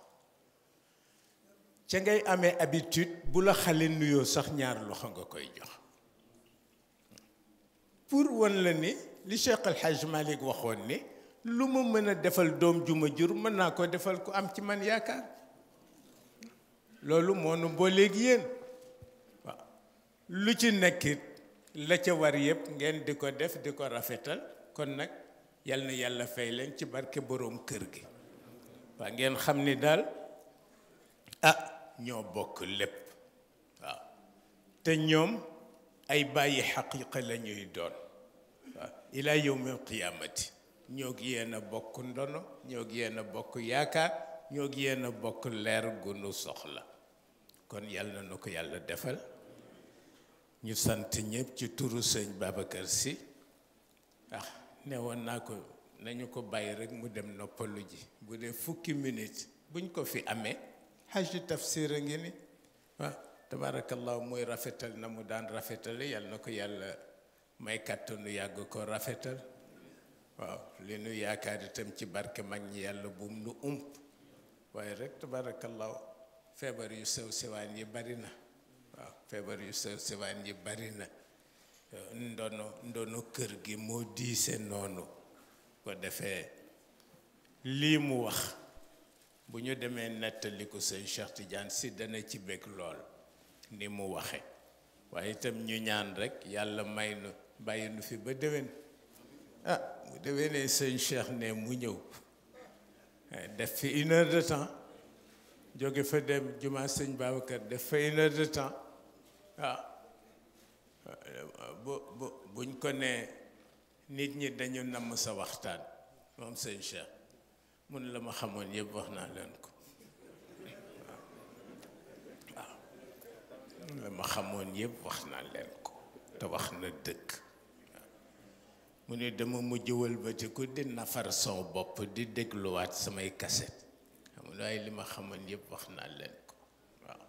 ca ngay amee habitude bu la xale nuyoo sax ñaar loxo nga koy jox pour won la ni li Cheikh El Hadj waxoon ni lu ma mën a defal doom ju jur mën naa ko defal ku am ci man yaakaar loolu moo nu booleeg yéen lu ci nekkit la ca war yëpp ngeen di ko def di ko rafetal kon nag yal na yàlla fay leen ci barke boroom kër gi waa ngeen xam ni daal ah ñoo bokk lépp waaw te ñoom ay bàyyi xaqiqa la ñuy doon ila yawmil qiyaamati ñoo gi yéen bokk ndono ñoo gi yéen bokk yaakaar ñoo gi yéen bokk leer gu nu soxla kon yàlla na ko yàlla defal ñu sant ñëpp ci turu sëñ Babacar Sy ah ne naa ko nañu ko bàyyi rek mu dem noppalu ji bu dee fukki minute buñ ko fi amee xaji tafsir a ngi ni waaw ah, tabarakallahu muy rafetal na mu daan rafetale yàlla na ko yàlla may kàttanu yàgg ko rafetal waaw li nu yaakaar itam ci barke mag ñi yàlla bum nu ump waaye rek tabarakallahu feebar yu sew sewaan yi bari na waaw feebar yu sew sewaan yi bari na ndono ndono kër gi moo diise noonu ko defee lii mu wax bu ñu demee nettali ko sëñ Cheikh si dana ci bég lool ni mu waxe waaye itam ñu ñaan rek yàlla may nu bàyyi nu fi ba déwén ah bu déwénee sëñ Cheikh ne mu ñëw eh, def fi une heure de temps jóge fa dem jumaa sëñ Babacar def fa une heure de temps ah, bu bu buñ ko ne nit ñi dañu namm sa waxtaan moom sëñ Cheikh mun la ma xamoon yëpp wax naa leen ko waaw ah, la ma xamoon yëpp wax naa leen ko te wax na dëkk mu ne dama mujj wëlbatiku di nafar son bopp di dégluwaat samay kaset xam ne waaye li ma xamoon yëpp wax naa leen ko waaw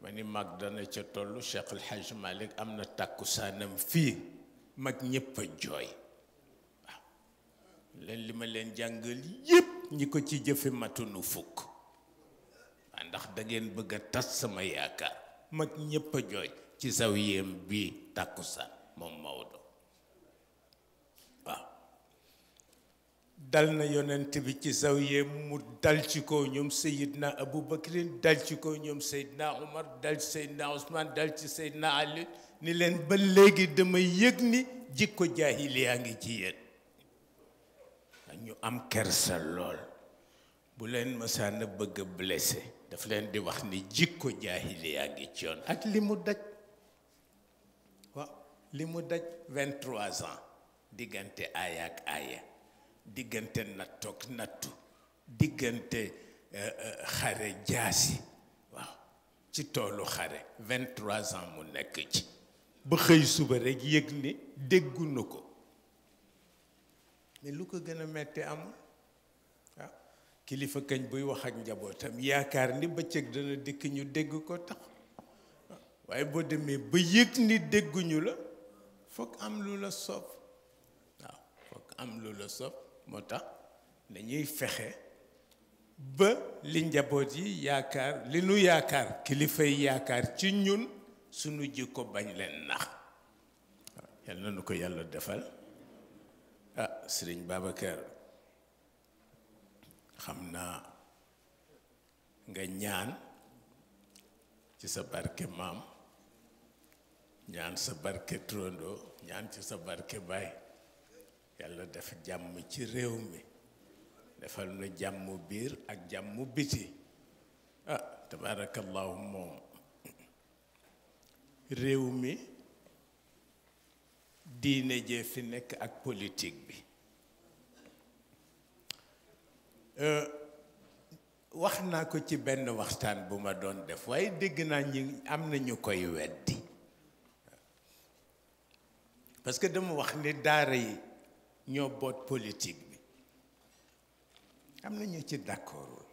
ma ni mag dana ca tollu Cheikh El Hadj am na tàkkusaanam fii mag ñépp a jooy waaw leen li ma leen jàngal yépp ñi ko ci jëfe matunu fukk ndax dangeen bëgg a tas sama yaakaar mag ñépp a jooy ci zawiyem bi tàkkusan moom Maodo waaw dal na yonent bi ci zawiyem mu dal ci ko ñoom Seydina Abu Bakrin dal ci ko ñoom Seydina Omar dal ci Seydina Ousmane dal ci Seydina Ali ni leen ba léegi dama yëg ni jikko jaahiliyaa ngi ci yéen ñu am kersa lool bu leen mësaan a bëgg a blessé daf leen di wax ni jikko jaahiliyaa ngi ci yoon ak li mu daj li mu daj 23 ans diggante aaya ak aaya diggante nattu ak nattu diggante euh, euh, xare jaasi waaw ci toolu xare 23 ans mu nekk ci ba xëy suba rek yëg ni déggunu ko mais lu ko gën a metti amul kilifa kañ buy wax ak njabootam yaakaar ni bëccëg dana dikk ñu dégg ko tax waaye boo demee ba yëg ni dégguñu la foog am lu la sopp waaw foog am lu la sopp moo tax dañuy fexe ba li njaboot yi yaakaar li nu yaakaar kilifa yi yaakaar ci ñun sunu jikko bañ leen nax yal na nu ko yàlla defal ah sëriñ Babacar xam naa nga ñaan ci sa barke maam ñaan sa barke turandoo ñaan ci sa barke baay yàlla def jàmm ci réew mi defal nu jàmm biir ak jàmm biti ah tabaarakallaahu moom réew mi diine jee fi nekk ak politik bi euh, wax naa ko ci benn waxtaan bu ma doon def waaye dégg naa ñi am na ñu koy weddi parce que dama wax ni daara yi ñoo boot politique bi am na ñu ci d'accordul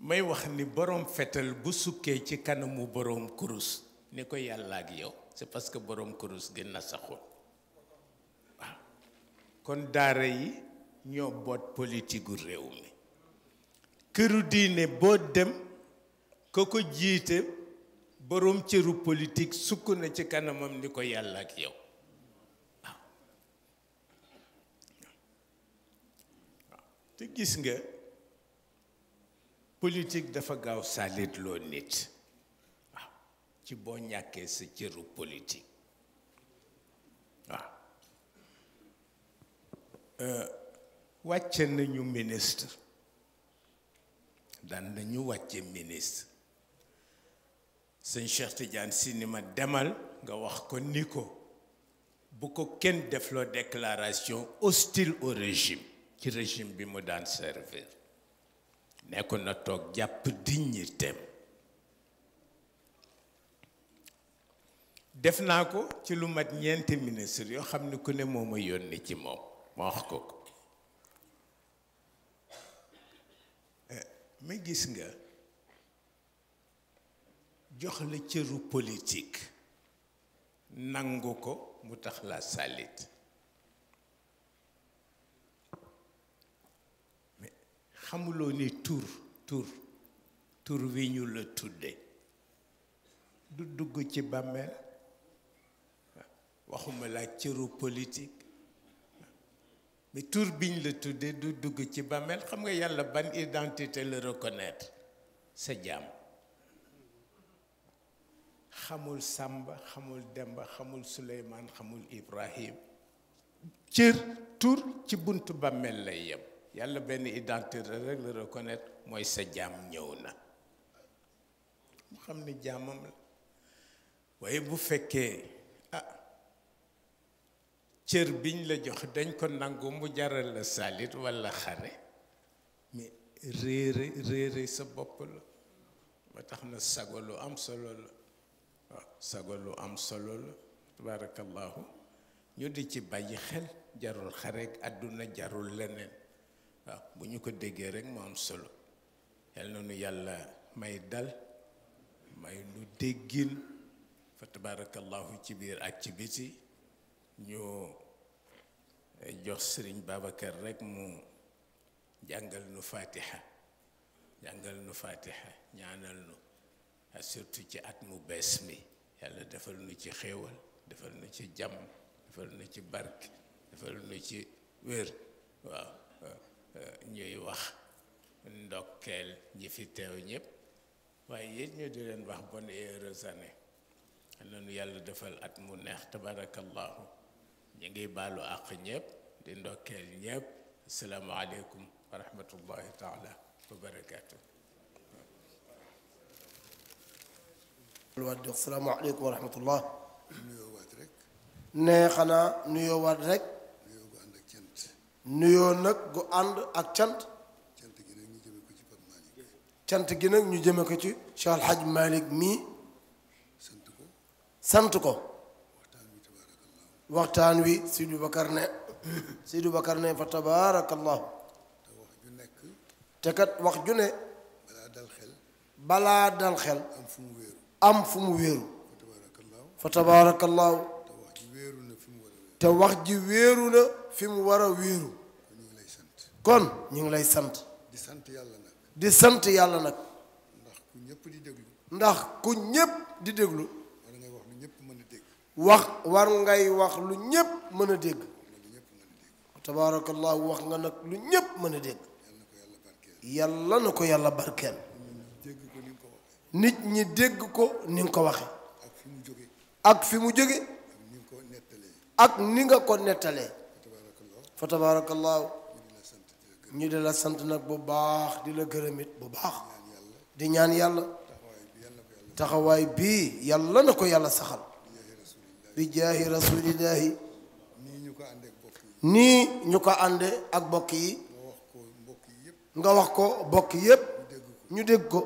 may wax ni boroom fetal bu sukkee ci kanamu boroom kurus ni ko yàlla ak yow c'est parce que borom kurus gën na saxul waaw kon daara yi ñoo boot politique gu réew mi këru diine boo dem ko ko jiite boroom cëru politique sukk na ci kanamam ni ko yàlla ak yow te gis nga politique dafa gaaw saalit loo nit waaw ci boo ñàkkee sa cëru politique waaw euh, wàcce nañu ministre daan nañu wàcce ministre sëñ Cheikh Tidiane ma demal nga wax ko ni ko bu ko kenn defloo déclaration hostile au régime ci régime bi mu daan servir nekkoon na toog jàpp dignitéem def naa ko ci lu mat ñeenti ministre yoo xam ni ku ne moo ma yónni ci moom ma wax ko ko eh, mais gis nga jox la cëru politik nangu ko mu tax la sàllit mais xamuloo ni tur tur tur wi ñu la tudde du dugg ci bàmmeel waxuma la cëru politik mais tur biñ la tudde du dugg ci bàmmeel xam nga yàlla ban identité la reconnaître sa jaam xamul Samba xamul Demba xamul Suleymaan xamul Ibrahim cër tur ci buntu bàmmel lay yem yàlla benn identité rek la mooy sa jaam ñëw na mu xam ni jaamam la waaye bu fekkee ah cër biñ la jox dañ ko nangu mu jaral la salit walla xare mais réere réere sa bopp la ba tax na sago lu am solo la sago lu am solo la tabaarakallaahu ñu di ci bàyyi xel jarul xareek àdduna jarul leneen waaw bu ñu ko déggee rek mu am solo yal na nu yàlla may dal may nu déggin fa tabaarakallaahu ci biir ak ci biti ñu eh, jox sëriñ Babacar rek mu jàngal nu faatiha jàngal nu faatiha ñaanal nu Ah, surtout ci at mu bees mi yàlla defal nu ci xéewal defal nu ci jàmm defal nu ci barke defal nu ci wér waaw ñuy wax ndokkeel ñi fi teew ñëpp waaye yéen ñu di leen wax bonne et heureuse année yàlla defal at mu neex tabarakallahu ñu ngi balu àq ñëpp di ndokkeel ñëpp asalaamaaleykum wa rahmatullahi taala wa waat di wax salaamaaleykum wa nuyoo waat rek ne nuyoo nag gu ànd ak cant cant gi nag gi nag ñu jëme ko ci Cheikh Alhaj Malick mii sant ko ko waxtaan wi Sidou Bakar ne Sidou Bakar ne fa tabaarakallahu te wax ju ne balaa dal xel balaa dal xel am fu mu wéeru am fu mu wéeru fa tabaarakallaahu te wax ji wéeru na fi mu war a wéeru kon ñu ngi lay sant di sant yàlla nag di sant yàlla nag ndax ku ñëpp di déglu ndax ku ñëpp di déglu war ngay wax ñëpp mën a dégg wax war ngay wax lu ñëpp mën a dégg tabaarakallaahu wax nga nag lu ñëpp mën a dégg yàlla na ko yàlla barkeel nit ñi dégg ko ni nga ko waxe ak fi mu jóge ak fi mu jóge ak ni nga ko nettalee fa tabaarakallaahu ñu di la sant nag bu baax di la gërëmit bu baax di ñaan yàlla taxawaay bii yàlla na ko yàlla saxal bi jaahi rasuulillaahi nii ñu ko ànde ak bokk yi nga wax ko bokk yépp ñu dégg ko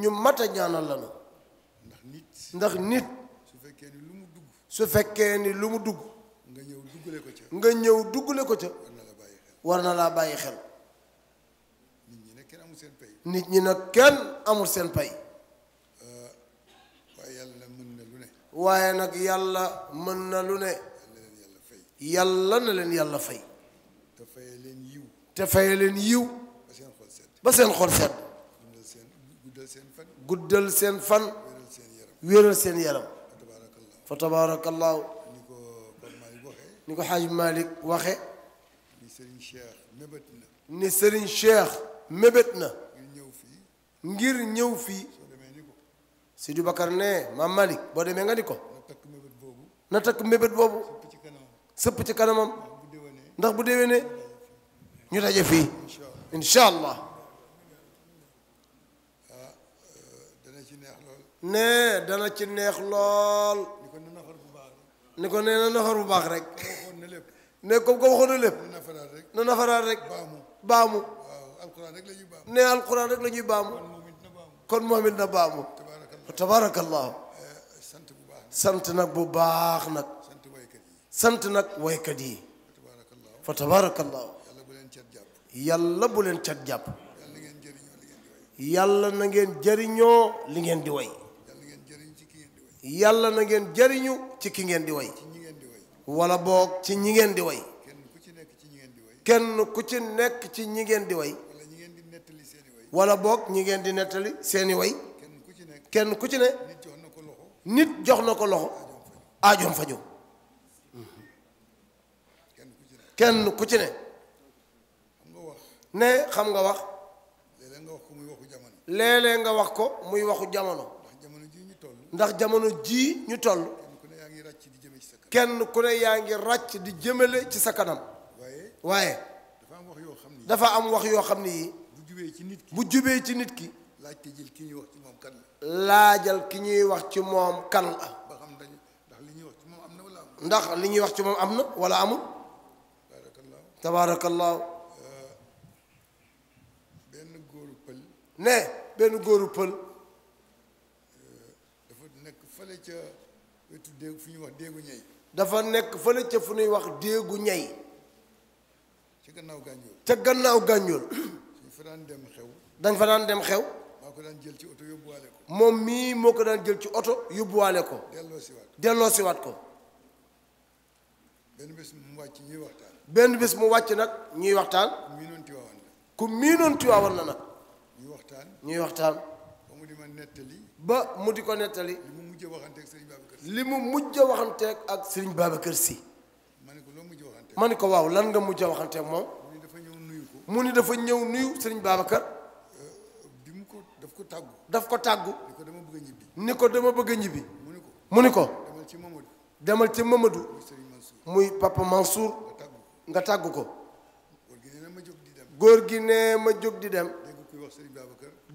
ñu mat a ñaanal ndax nit ndax nit su fekkee ni lu mu dugg su fekkee ni lu mu dugg nga ñëw duggale ko ca nga ñëw duggale ko ca war na laa bàyyi xel nit ñi nag kenn amul seen pay nit ñi nag kenn amul seen pay euh, waaye yàlla mën na lu ne waaye nag yàlla mën na lu ne yàlla na leen yàlla fay te faye leen yiw te faye leen yiw ba seen xol sedd guddal seen fan wéeral seen yaram fa tabaarakallaahu ni ko xaaj malik waxe ni Serigne Cheikh mébét na ni Serigne Cheikh mébét na ngir ñëw fii Sidi Bakar ne maam Malick boo demee nga ni ko na takk mebet boobu sëpp ci kanamam ndax bu déwénee ñu daje fii incha nee dana ci neex lool ni ko nee na nafar bu baax rek ne comme ko waxoon na lépp na nafaraat rek baamu ne alquran rek la ñuy baamu kon moom it na baamu tabaarakallahu eh, sant nag bu baax nag sant nag waykat yi fa tabaarakallahu yàlla bu leen cat jàpp yàlla na ngeen jëriñoo li ngeen di way yàlla na ngeen jariñu ci ki ngeen di way wala boog ci ñi ngeen di way kenn ku ci nekk ci ñi ngeen di way wala boog ñi ngeen di nettali seeni way kenn ku ci ne nit jox na ko loxo aajoom faju kenn ku ci ne ne xam nga wax léeg-léeg nga wax ko muy waxu jamono ndax jamono jii ñu toll kenn ku ne yaa ngi ràcc di jëmale ci sa kanam waaye dafa am wax yoo xam ne yi bu jubee ci nit ki laajal ki ñuy wax ci moom kan la ndax li ñuy wax ci moom am na wala amul tabaarakallaahu ne benn góoru pël fële ca wetu déegu dafa nekk fële ca fu ñuy wax déegu ñey ca gannaaw gànjool ca gannaaw gànjool suñ fa daan dem xew dañ fa daan dem xew maa jël ci oto yóbbuwaale ko moom mii moo ko daan jël ci oto yóbbuwaale ko delloo siwaat delloo ko benn bés mu wàcc ñuy waxtaan benn bis mu wàcc nag ñuy waxtaan ku miinoon Tiwaawan Tiwaawan la nag ñuy waxtaan ñuy waxtaan ba mu di ma nettali ba mu di ko nettali mujj waxanteeg Serigne Babacar Sy. li mu mujj waxanteeg ak Serigne Babacar si ma ne ko loo mujj ma ne ko waaw lan nga mujj waxanteeg moom. mu ni dafa ñëw nuyu ko. mu ni dafa ñëw nuyu Serigne Babacar. Euh, ko daf ko tàggu. daf ko tàggu. ni ko dama bëgg ñibbi. ko dama bëgg a mu ni ko mu ni ko. demal ci Mamadou. demal ci Mamadou. muy papa Mansour. nga tàggu ko. góor gi ne ma jóg di dem. góor gi ne ma jóg di dem. dégg kuy wax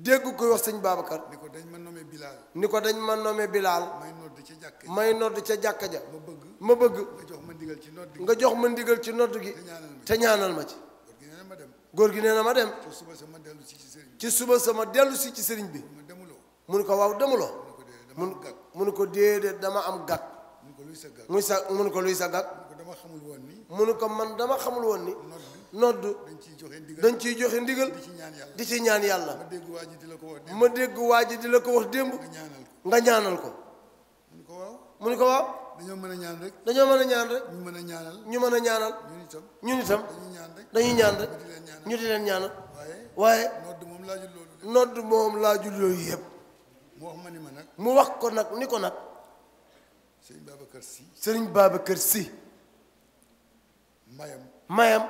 dégg koy wax sëñ Babacar. ni ko dañ ma nommé Bilal. ni ko dañ ma nommé Bilal. may nodd ca jàkka may nodd ca jàkka ja. ma bëgg ma bëgg. nga jox ma ndigal ci nodd gi nga jox ma ndigal ci nodd gi. te ñaanal ma ci góor gi nee na ma dem. ci suba sama dellu si ci sëriñ bi. ci suba sama dellu si ci sëriñ bi. mu ne ko waaw demuloo. mu mu ne ko déedéet dama am gàkk. muy sa mu ne ko luy sa gàkk. mu ne ko man dama xamul woon ni. nodd dañ ciy joxe ndigal dañ ciy joxe ndigal di ci ñaan yàlla ma dégg waa ji di la ko wax ma dégg waa ji di la ko wax démb nga ñaanal ko mu ni ko waaw mu ni ko dañoo mën a ñaan rek dañoo mën a ñaan ñu mën a ñaanal ñu mën a ñaanal ñun itam dañuy ñaan ñu di leen ñaanal waaye nodd moom laajul loolu yëpp mu wax ma ni ma nag mu wax ko nag ni ko nag sëriñ Babacar Si sëriñ Babacar Si mayam mayam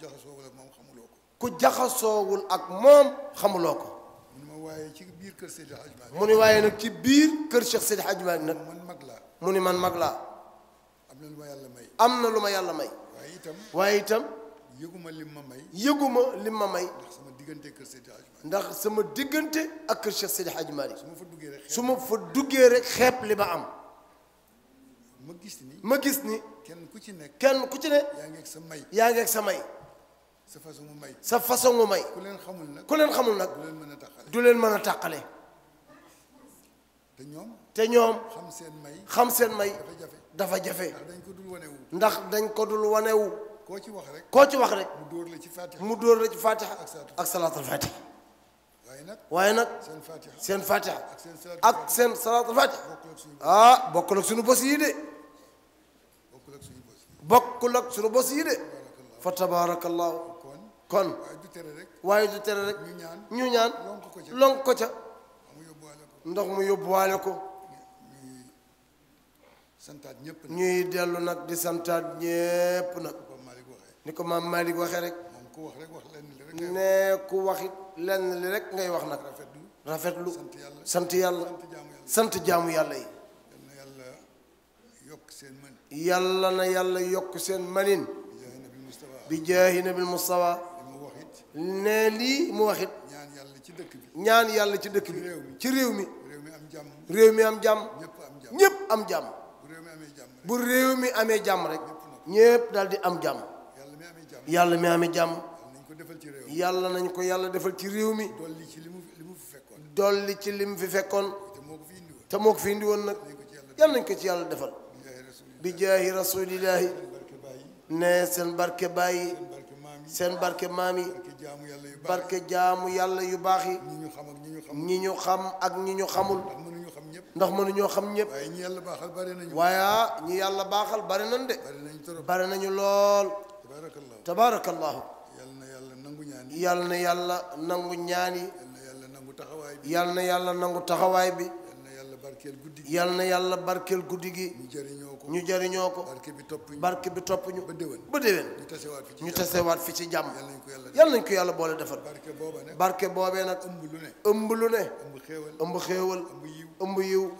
jaxasoowul ak moom xamuloo ko. ku jaxasoowul ak moom xamuloo ko. mu ne waaye ci biir kër Seydi Hadj Malick. waaye nag ci biir kër Cheikh Seydi Hadj Malick nag. man mag laa. mu ne man mag laa. am na lu ma yàlla may. am na lu ma yàlla may. waaye itam. waaye itam. yëguma lim ma may. yëguma lim ma may. ndax sama diggante kër Seydi Hadj ndax sama diggante ak kër Cheikh Seydi su ma fa duggee rek su ma fa duggee rek xeeb li ma am. ma gis ni ma gis ni. kenn ku ci ne. kenn ku ci ne. yaa ngi ak sa may. yaa sa may. sa façon mu may sa façon may ku leen xamul nag ku leen xamul nag leen mën a tàqale te ñoom te ñoom xam seen may xam seen may dafa jafe ndax dañ ko dul wanewu koo ci wax rek koo ci wax rek mu dóor la ci faatiha mu dóor la ci faatiha ak salaatul faatiha waaye nag waaye nag seen faatiha seen ak seen salaatul faatiha ah bokkul ak suñu bos yi de bokkul ak suñu bos yi de fa tabaarakallahu kon waaye du tere rek waaye du tere rek ñu ñaan lonk ko ca ndox mu yóbbuwaale ko ñuy dellu nag di santaat ñépp nag ni ko maam Malick waxee rek ne ku waxit lenn li rek ngay wax nag rafet rafetlu sant yàlla sant jaamu yàlla yi yàlla na yàlla yokk seen manin bi jaahi nabil nee lii mu wax it ñaan yàlla ci dëkk bi ñaan yàlla ci dëkk bi ci réew mi réew mi am jàmm réew mi am jàmm ñépp am jàmm bu réew mi amee jàmm rek ñépp daal di am jàmm yàlla mi amee jàmm yàlla nañ ko yàlla defal ci réew mi dolli ci li mu fi fekkoon dolli ci li mu fi fekkoon te moo ko fi indi woon nag yàlla nañ ko ci yàlla defal bi jaahi rasulillahi ne seen barke bàyyi seen barke maam yi barke jaamu yàlla yu baax yi ñi ñu xam ak ñi ñu xamul ndax mënuñoo xam ñëpp waaye ñi yàlla baaxal bari nañu waaye ah, ñi yàlla baaxal bari nañ de bari nañu lool tabaarakallaahu yàlla na yàlla nangu ñaan yi yàlla na yàlla nangu taxawaay bi yàlla na yàlla barkeel guddi gi ñu jariñoo ko barke bi topp ñu ba déwén ñu tasewaat fi ci jàmm yàlla nañ ko yàlla boole defal barke boobee nag ëmb lu ne ëmb xéewal ëmb yiw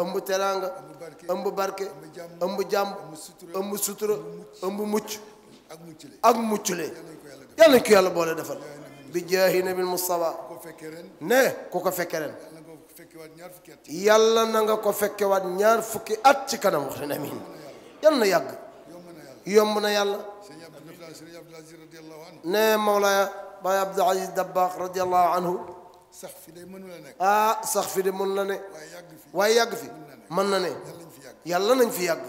ëmb teraanga ëmb barke ëmb jàmm ëmb sutura ëmb mucc ak muccule yàlla nañ ko yàlla boole defal bi jaahi nabil Mustafa ne ku ko fekke ren yàlla na ko ko fekkewaat ñaar fukki at ci kanam wax ne amin yal na yàgg yomb na yàlla ne Mawlaaya Baay Abdul Aziz Dabbaax radiyallahu anhu sax fi de mën na ne ah sax fi de mën na ne waaye yàgg fi mën na ne yàlla nañ fi yàgg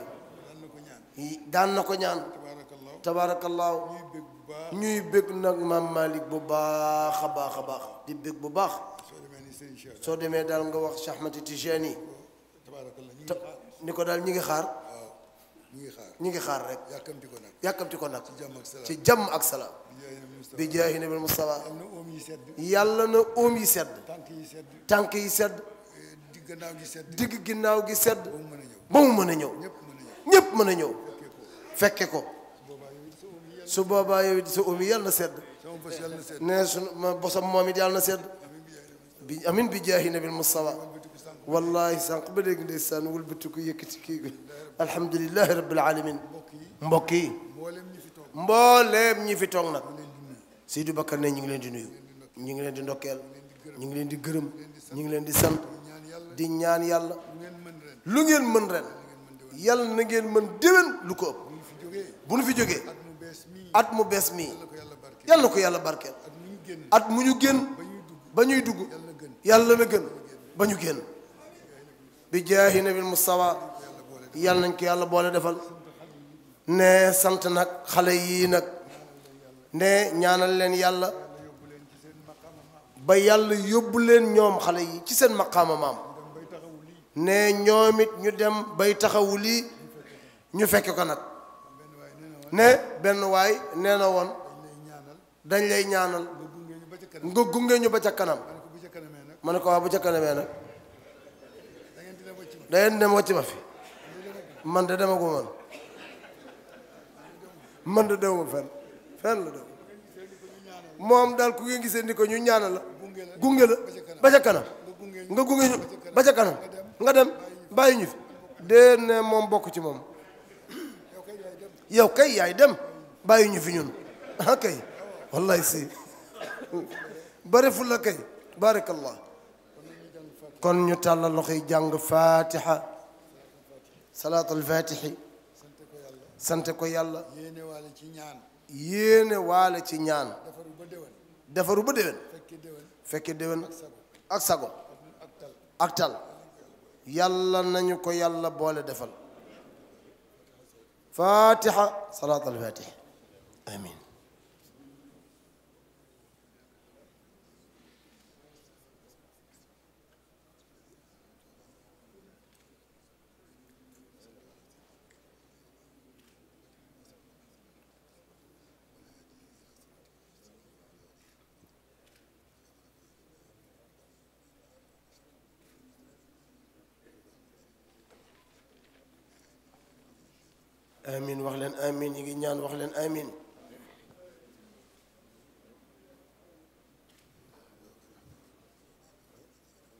daan na ko ñaan tabaarakallaahu ñuy bég nag maam Malick bu baax a baax a baax di bég bu baax soo demee daal nga wax Cheikh Ahmed Tijani ni ko daal ñi ngi xaar ñi ngi xaar ñi ngi xaar rek yàkkamti ko nag yàkkamti ko nag ci jàmm ak salaam bi jaahi nabil Mustafa yàlla na óom yi sedd tànk yi sedd digg ginnaaw gi sedd ba mu mën a ñëw ñépp mën a ñëw fekke ko su boobaa yow it sa óom yi yàlla na sedd ne su ma bosam moom it yàlla na sedd bi amin bi jaahi nabil Mustafa wallahi sànq ba léegi ndeysaan yëkk yëkkati kii gi alhamdulilahi rabbil alamin mbokk yi mbooleem ñi fi toog nag Seydou bakka ne ñu ngi leen di nuyu ñu ngi leen di ndokkeel ñu ngi leen di gërëm ñu ngi leen di sant di ñaan yàlla lu ngeen mën ren yàlla na ngeen mën déwén lu ko ëpp bu nu fi jógee at mu bees mii yàlla na ko yàlla barkeel at mu ñu génn ba ñuy dugg yàlla na gën ba ñu génn bi jaahi nabil mustafa yàlla nañ ko yàlla boole defal ne sant nag xale yii nag ne ñaanal leen yàlla ba yàlla yóbbu leen ñoom xale yi ci seen maqaama maam ne ñoom it ñu dem bay taxawu lii ñu fekke ko nag ne benn waay nee na woon dañ lay ñaanal nga gunge ñu ba ca kanam ma ne ko waaw bu ca kanamee nag da ngeen di dem wàcc ma fi man de demagu man man de dewuma fenn la dem moom daal ku ngeen gisee ni ko ñu ñaanal la gunge la ba ca kanam nga gunge ñu ba nga dem bàyyi ñu dee ne moom bokk ci moom yow kay yaay dem bàyyi ñu fi ñun ah kay wallaay si bare fu kay barakallah kon ñu tàllal loxo yi jàng fatiha salaatul fatihi sante ko yàlla yéene waale ci ñaan yéene waale ci ñaan defaru ba déwén fekke déwén ak sago ak tal yàlla nañu ko yàlla boole defal fatiha salaatul fatihi amin amin wax leen amin ñi ngi ñaan wax leen amin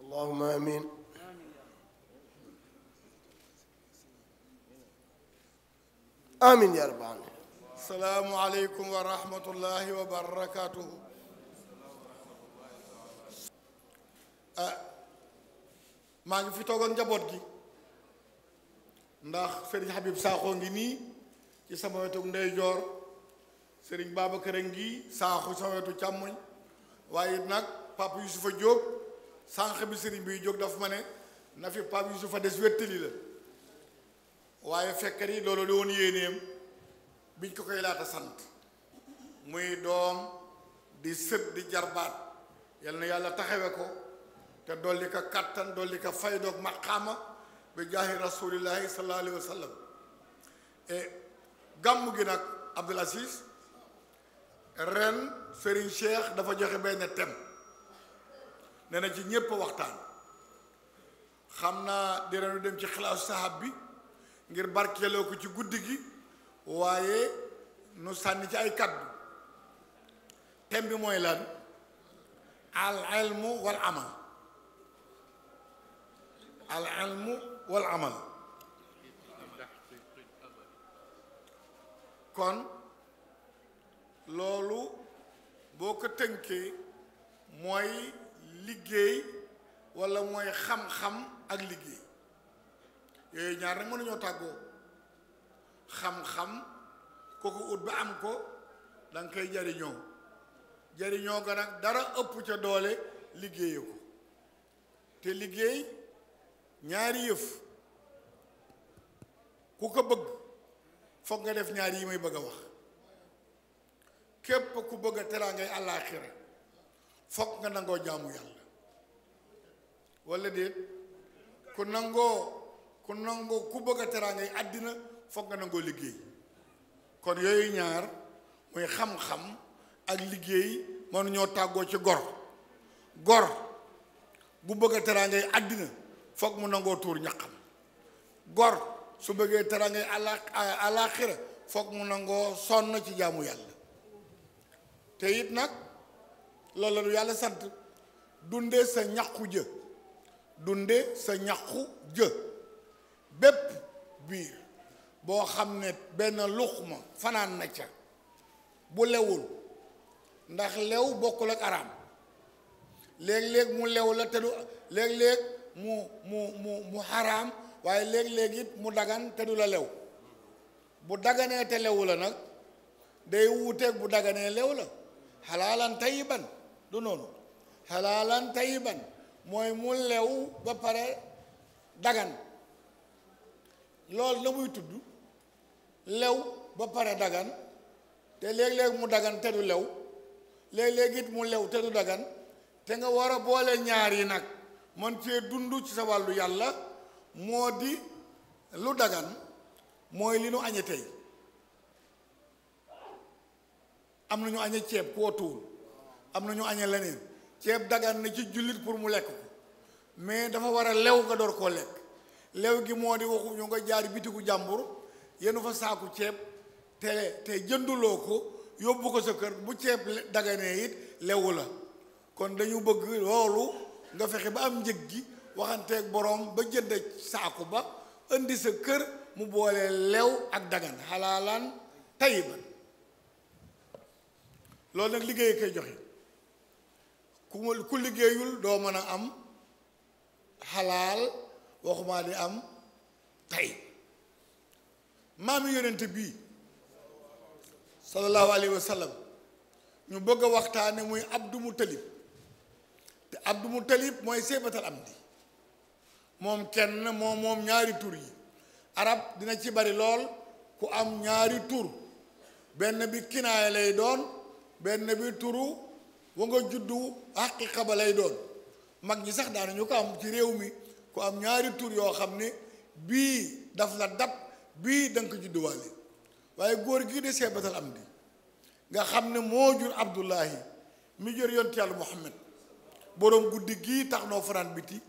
allahuma amin amin ya rabbal alamin salaamu aleykum wa rahmatullahi wa barakatuhu ah maa ngi fi toogoon njaboot gi ndax sëriñ Habib Sakho ngi nii ci sama wetu ndeyjoor sëriñ Babacar a ngi Sakho sama wetu càmmoñ waaye nag Papa Youssoufa Diop sànq bi sëriñ bi jóg dafa ma ne na fi Papa Youssoufa des wettali la waaye fekk ni loolu li woon yéeneem biñ ko koy laata sant muy doom di sët di jarbaat yal na yàlla taxawe ko te dolli ko kattan dolli ko faydoog maqaama bi jaahi rasulillahi sallallahu alayhi wa sallam e gàmm gi nag Abdoul Aziz ren Serigne Cheikh dafa joxe bay thème nee na ci ñépp waxtaan xam naa dinañu dem ci xilaasu sahab bi ngir barkeeloo ko ci guddi gi waaye nu sànni ci ay kàddu thème bi mooy lan al ilmu wal amal al ilmu wal amal kon loolu boo ko tënkee mooy liggéey walla mooy xam-xam ak liggéey yooyu ñaar nag mënuñoo tàggoo xam-xam kooku ut ba am ko danga koy jariñoo jariñoo ko nag dara ëpp ca doole liggéeye ko te liggéey ñaari yëf ku ko bëgg foog nga def ñaari yi may bëgg a wax képp ku bëgg a teraa ngay àllaaxira nga nangoo jaamu yàlla walla déet ku nangoo ku nongoo ku bëgg a teraangay ngay àddina foog nga nangoo liggéey kon yooyu ñaar muy xam-xam ak liggéey mënuñoo tàggoo ci gor gor bu bëgg a teraa ngay àddina foog mu nangoo tuur ñaqam gor su bëggee terangay ala alaxira foog mu nangoo sonn ci jaamu yàlla te it nag loolu la du yàlla sant dunde sa ñaqu jë dunde sa ñaqu jë bépp biir boo xam ne benn luxma fanaan na ca bu lewul ndax lew bokkul ak araam léeg-léeg mu lew la te du léeg-léeg mu mu mu mu xaraam waaye léeg-léeg it mu dagan te du la lew bu daganee te lewu la nag day wuuteeg bu daganee lew la xalaalan tayiban du noonu xalaalan tayiban mooy mu lew ba pare dagan loolu la muy tudd lew ba pare dagan te léeg-léeg mu dagan te du lew léeg-léeg it mu lew te du dagan te nga war a boole ñaar yi nag man cee dund ci sa wàllu yàlla moo di lu dagan mooy li nu añe tey am na ñu añe ceeb ku wottuwul am na ñu añe leneen ceeb dagan na ci jullit pour mu lekk ko mais dafa war a lew nga door koo lekk lew gi moo di waxu nga jaar bitigu jàmbur yenu fa saaku ceeb te te jënduloo ko yóbbu ko sa kër bu ceeb daganee it lewu la kon dañu bëgg loolu nga fexe ba am njëg gi waxanteeg borom ba jënd saaku ba indi sa kër mu boole lew ak dagan xalaalaan tayiban loolu nag liggéey koy joxe ku ku liggéeyul doo mën a am xalaal waxumaa di am tay maami yonent bii sallallahu alayhi wa ñu bëgg a waxtaane muy Abdu Mutalib te Abdou Moutalib mooy seebatal am di moom kenn moom moom ñaari tur yi arab dina ci bari lool ku am ñaari tur benn bi kinaaya lay doon benn bi turu wa nga juddu xaqiqa ba doon mag ñi sax daanañu ko am ci réew mi ku am ñaari tur yoo xam ne bii daf la dab bii da nga ko judduwaale waaye góor gi de seebatal am di nga xam ne moo jur Abdullahi mi jur yonti yàlla Muhammad boroom guddi gii tax noo fanaan biti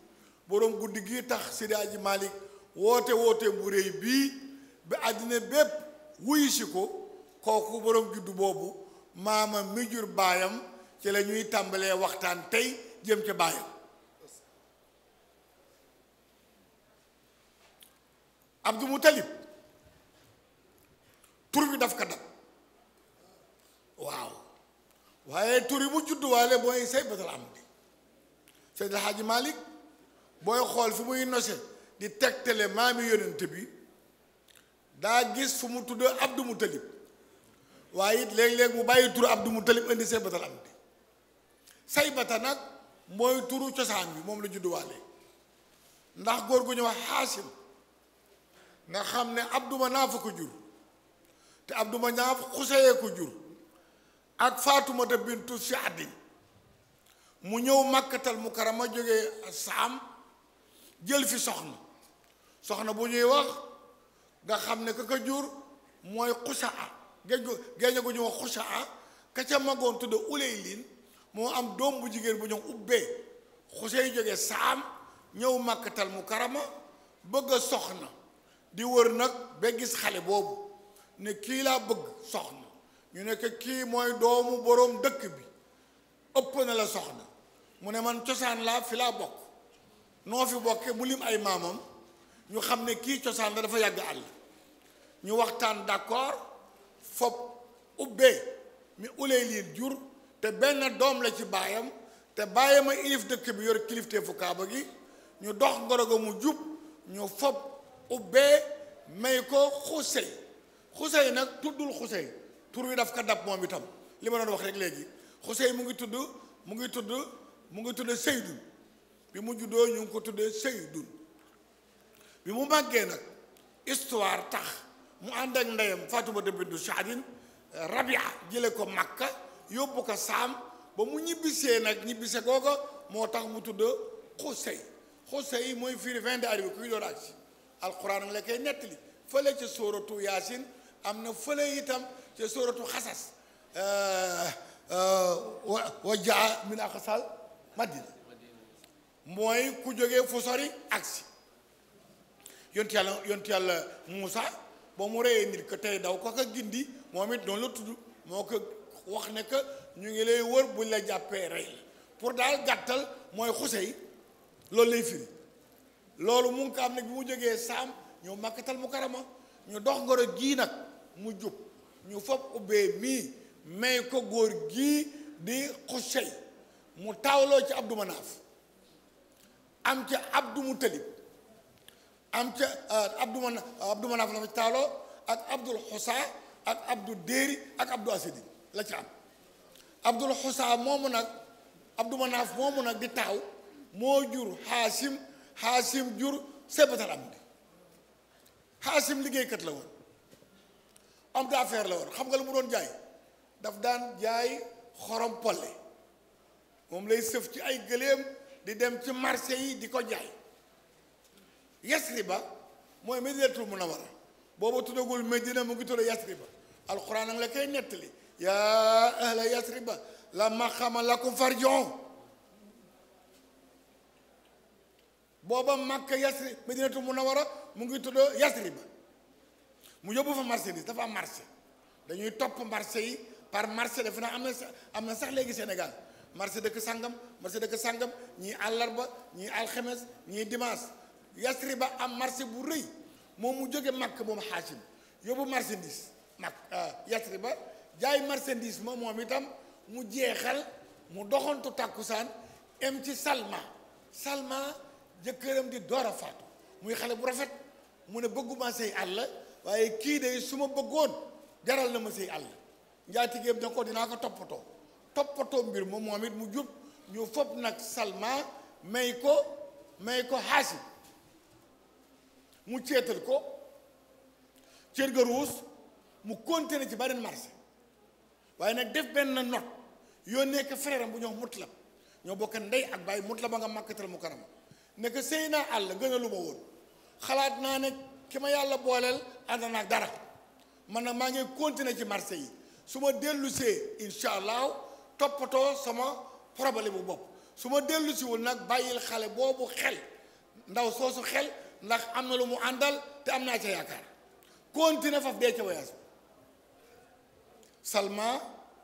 boroom guddi gii tax Seydi Aji Malick woote woote bu réy bii ba àddina bépp wuyu ko kooku borom juddu boobu maamam mi jur baayam ci la ñuy tàmbalee waxtaan tey jëm ca baayam Abdou Moutalib tur bi daf ko dab waaw waaye tur yi mu juddu waale mooy say batal am Seydi El Hadji booy xool fi muy nose di tegtale maami yonent bi daa gis fu mu tudd Abdou Moutalib waaye it léeg-léeg mu bàyyi turu Abdou Moutalib indi saybatal am di saybata nag mooy turu cosaan bi moom la judduwaale ndax góor gu ñu wax xaasim nga xam ne Abdou Manaf ko jur te Abdou Manaf xuseyee ko jur ak Faatumata bintu Saadi mu ñëw màkkatal mu karama jógee saam jël fi soxna soxna bu ñuy wax nga xam ne ka jur mooy xusaa géej gu géej gu ñu wax xusaa ka ca magoon tudd Ulaylin moo am doom bu jigéen bu ñu ubbee xusey jógee saam ñëw màkkatal mu karama bëgg soxna di wër nag ba gis xale boobu ne kii laa bëgg soxna ñu ne ko kii mooy doomu boroom dëkk bi ëpp na la soxna mu ne man cosaan laa fi laa bokk noo fi bokkee mu lim ay maamam ñu xam ne kii cosaan la dafa yàgg àll ñu waxtaan d'accord fob ubbee mi uley liin jur te benn doom la ci baayam te baayam a ilif dëkk bi yor kilifteefu kaaba gi ñu dox ngoro ga mu jub ñu fob ubbee may ko xusey xusey nag tuddul xuse tur wi daf ka dab moom itam li ma doon wax rek léegi xusey mu ngi tudd mu ngi tudd mu ngi tudd Seydun bi mu juddoo ñu ngi ko tuddee Seydun bi mu màggee nag histoire tax mu ànd ak ndeyam Fatimata bintu Saadin Rabia jële ko Makka yóbbu ko Saam ba mu ñibbisee nag ñibbise googa moo tax mu tudd Xusey Xusey mooy firi fin de arrivée kuy door ak si alquran la ca sóoratu am na fële itam ca sóoratu Xasas euh, euh, wa wa madina mooy ku jógee fu sori agsi yonti yàlla yonti yàlla Moussa ba mu reyee nit ko tey daw ko ko gindi moom it noonu la tudd moo ko wax ne ñu ngi lay wër buñ la jàppee rey pour daal gàttal mooy xusey loolu lay firi loolu mu ngi ko am nag bi mu jógee saam ñu makkatal mu karama ñu dox ngoro gii nag mu jub ñu fopp ubbee mii may ko góor gii di xusey mu taawloo ci Abdou Manaaf am ca Abdou Moutalib am ca euh, Abdou euh, la fa taawloo ak Abdoul Xoussa ak Abdou Déri ak Abdou Asedin la ca am Abdoul Xoussa moomu nag Abdou Manaaf mën nag di taaw moo jur Xaasim Xaasim jur Sebatal Amdi Xaasim liggéeykat la woon homme d'affaires la woon xam nga lu mu doon jaay daf daan jaay xorom polle moom lay sëf ci ay gëléem di dem ci marché yi di ko jaay ba mooy medinatul munawara booba tuddagul medina mu ngi tudd yasriba alxuraan nag la koy nettali yaa ahla yasriba la maxama lakum farjon booba màkk yasri medinatul munawara mu ngi tudd ba mu yóbbu fa marchandise dafa am marché dañuy topp marché yi par marché defe naa am na sax am na sax léegi Sénégal marché dëkk sàngam marché dëkk sàngam ñii àllarba ñii alxemes ñii dimanche yasri ba am marché bu rëy moom mu jóge màkk moom xaasim yóbbu marchandise màkk euh, yasri ba jaay marchandise ma moom itam mu jeexal mu doxantu tàkkusaan em ci salma salma jëkkëram di door a faatu muy xale bu rafet mu ne bëgguma say àll waaye kii de su ma bëggoon jaral na ma say àll njaatigéem na ko dinaa ko toppatoo toppatoo mbir moom moom it mu jub ñu fopp nag Salma may ko may ko Haasim mu céetal ko cër ga mu continuer ci beneen marché waaye nag def benn not yónnee ko frère am bu ñoo Mutlab ñoo bokk ndey ak bàyyi Mutlab a nga màkkatal mu kanam ne ko sëy naa àll gën lu ma woon xalaat naa ne ki ma yàlla booleel ànd naag dara man nag maa ngi continuer ci marché yi su ma dellusee incha allah toppatoo sama problème bu bopp su ma dellu nag bàyyil xale boobu xel ndaw soosu xel ndax am na lu mu àndal te am naa ca yaakaar continuer faf dee ca voyage bi Salma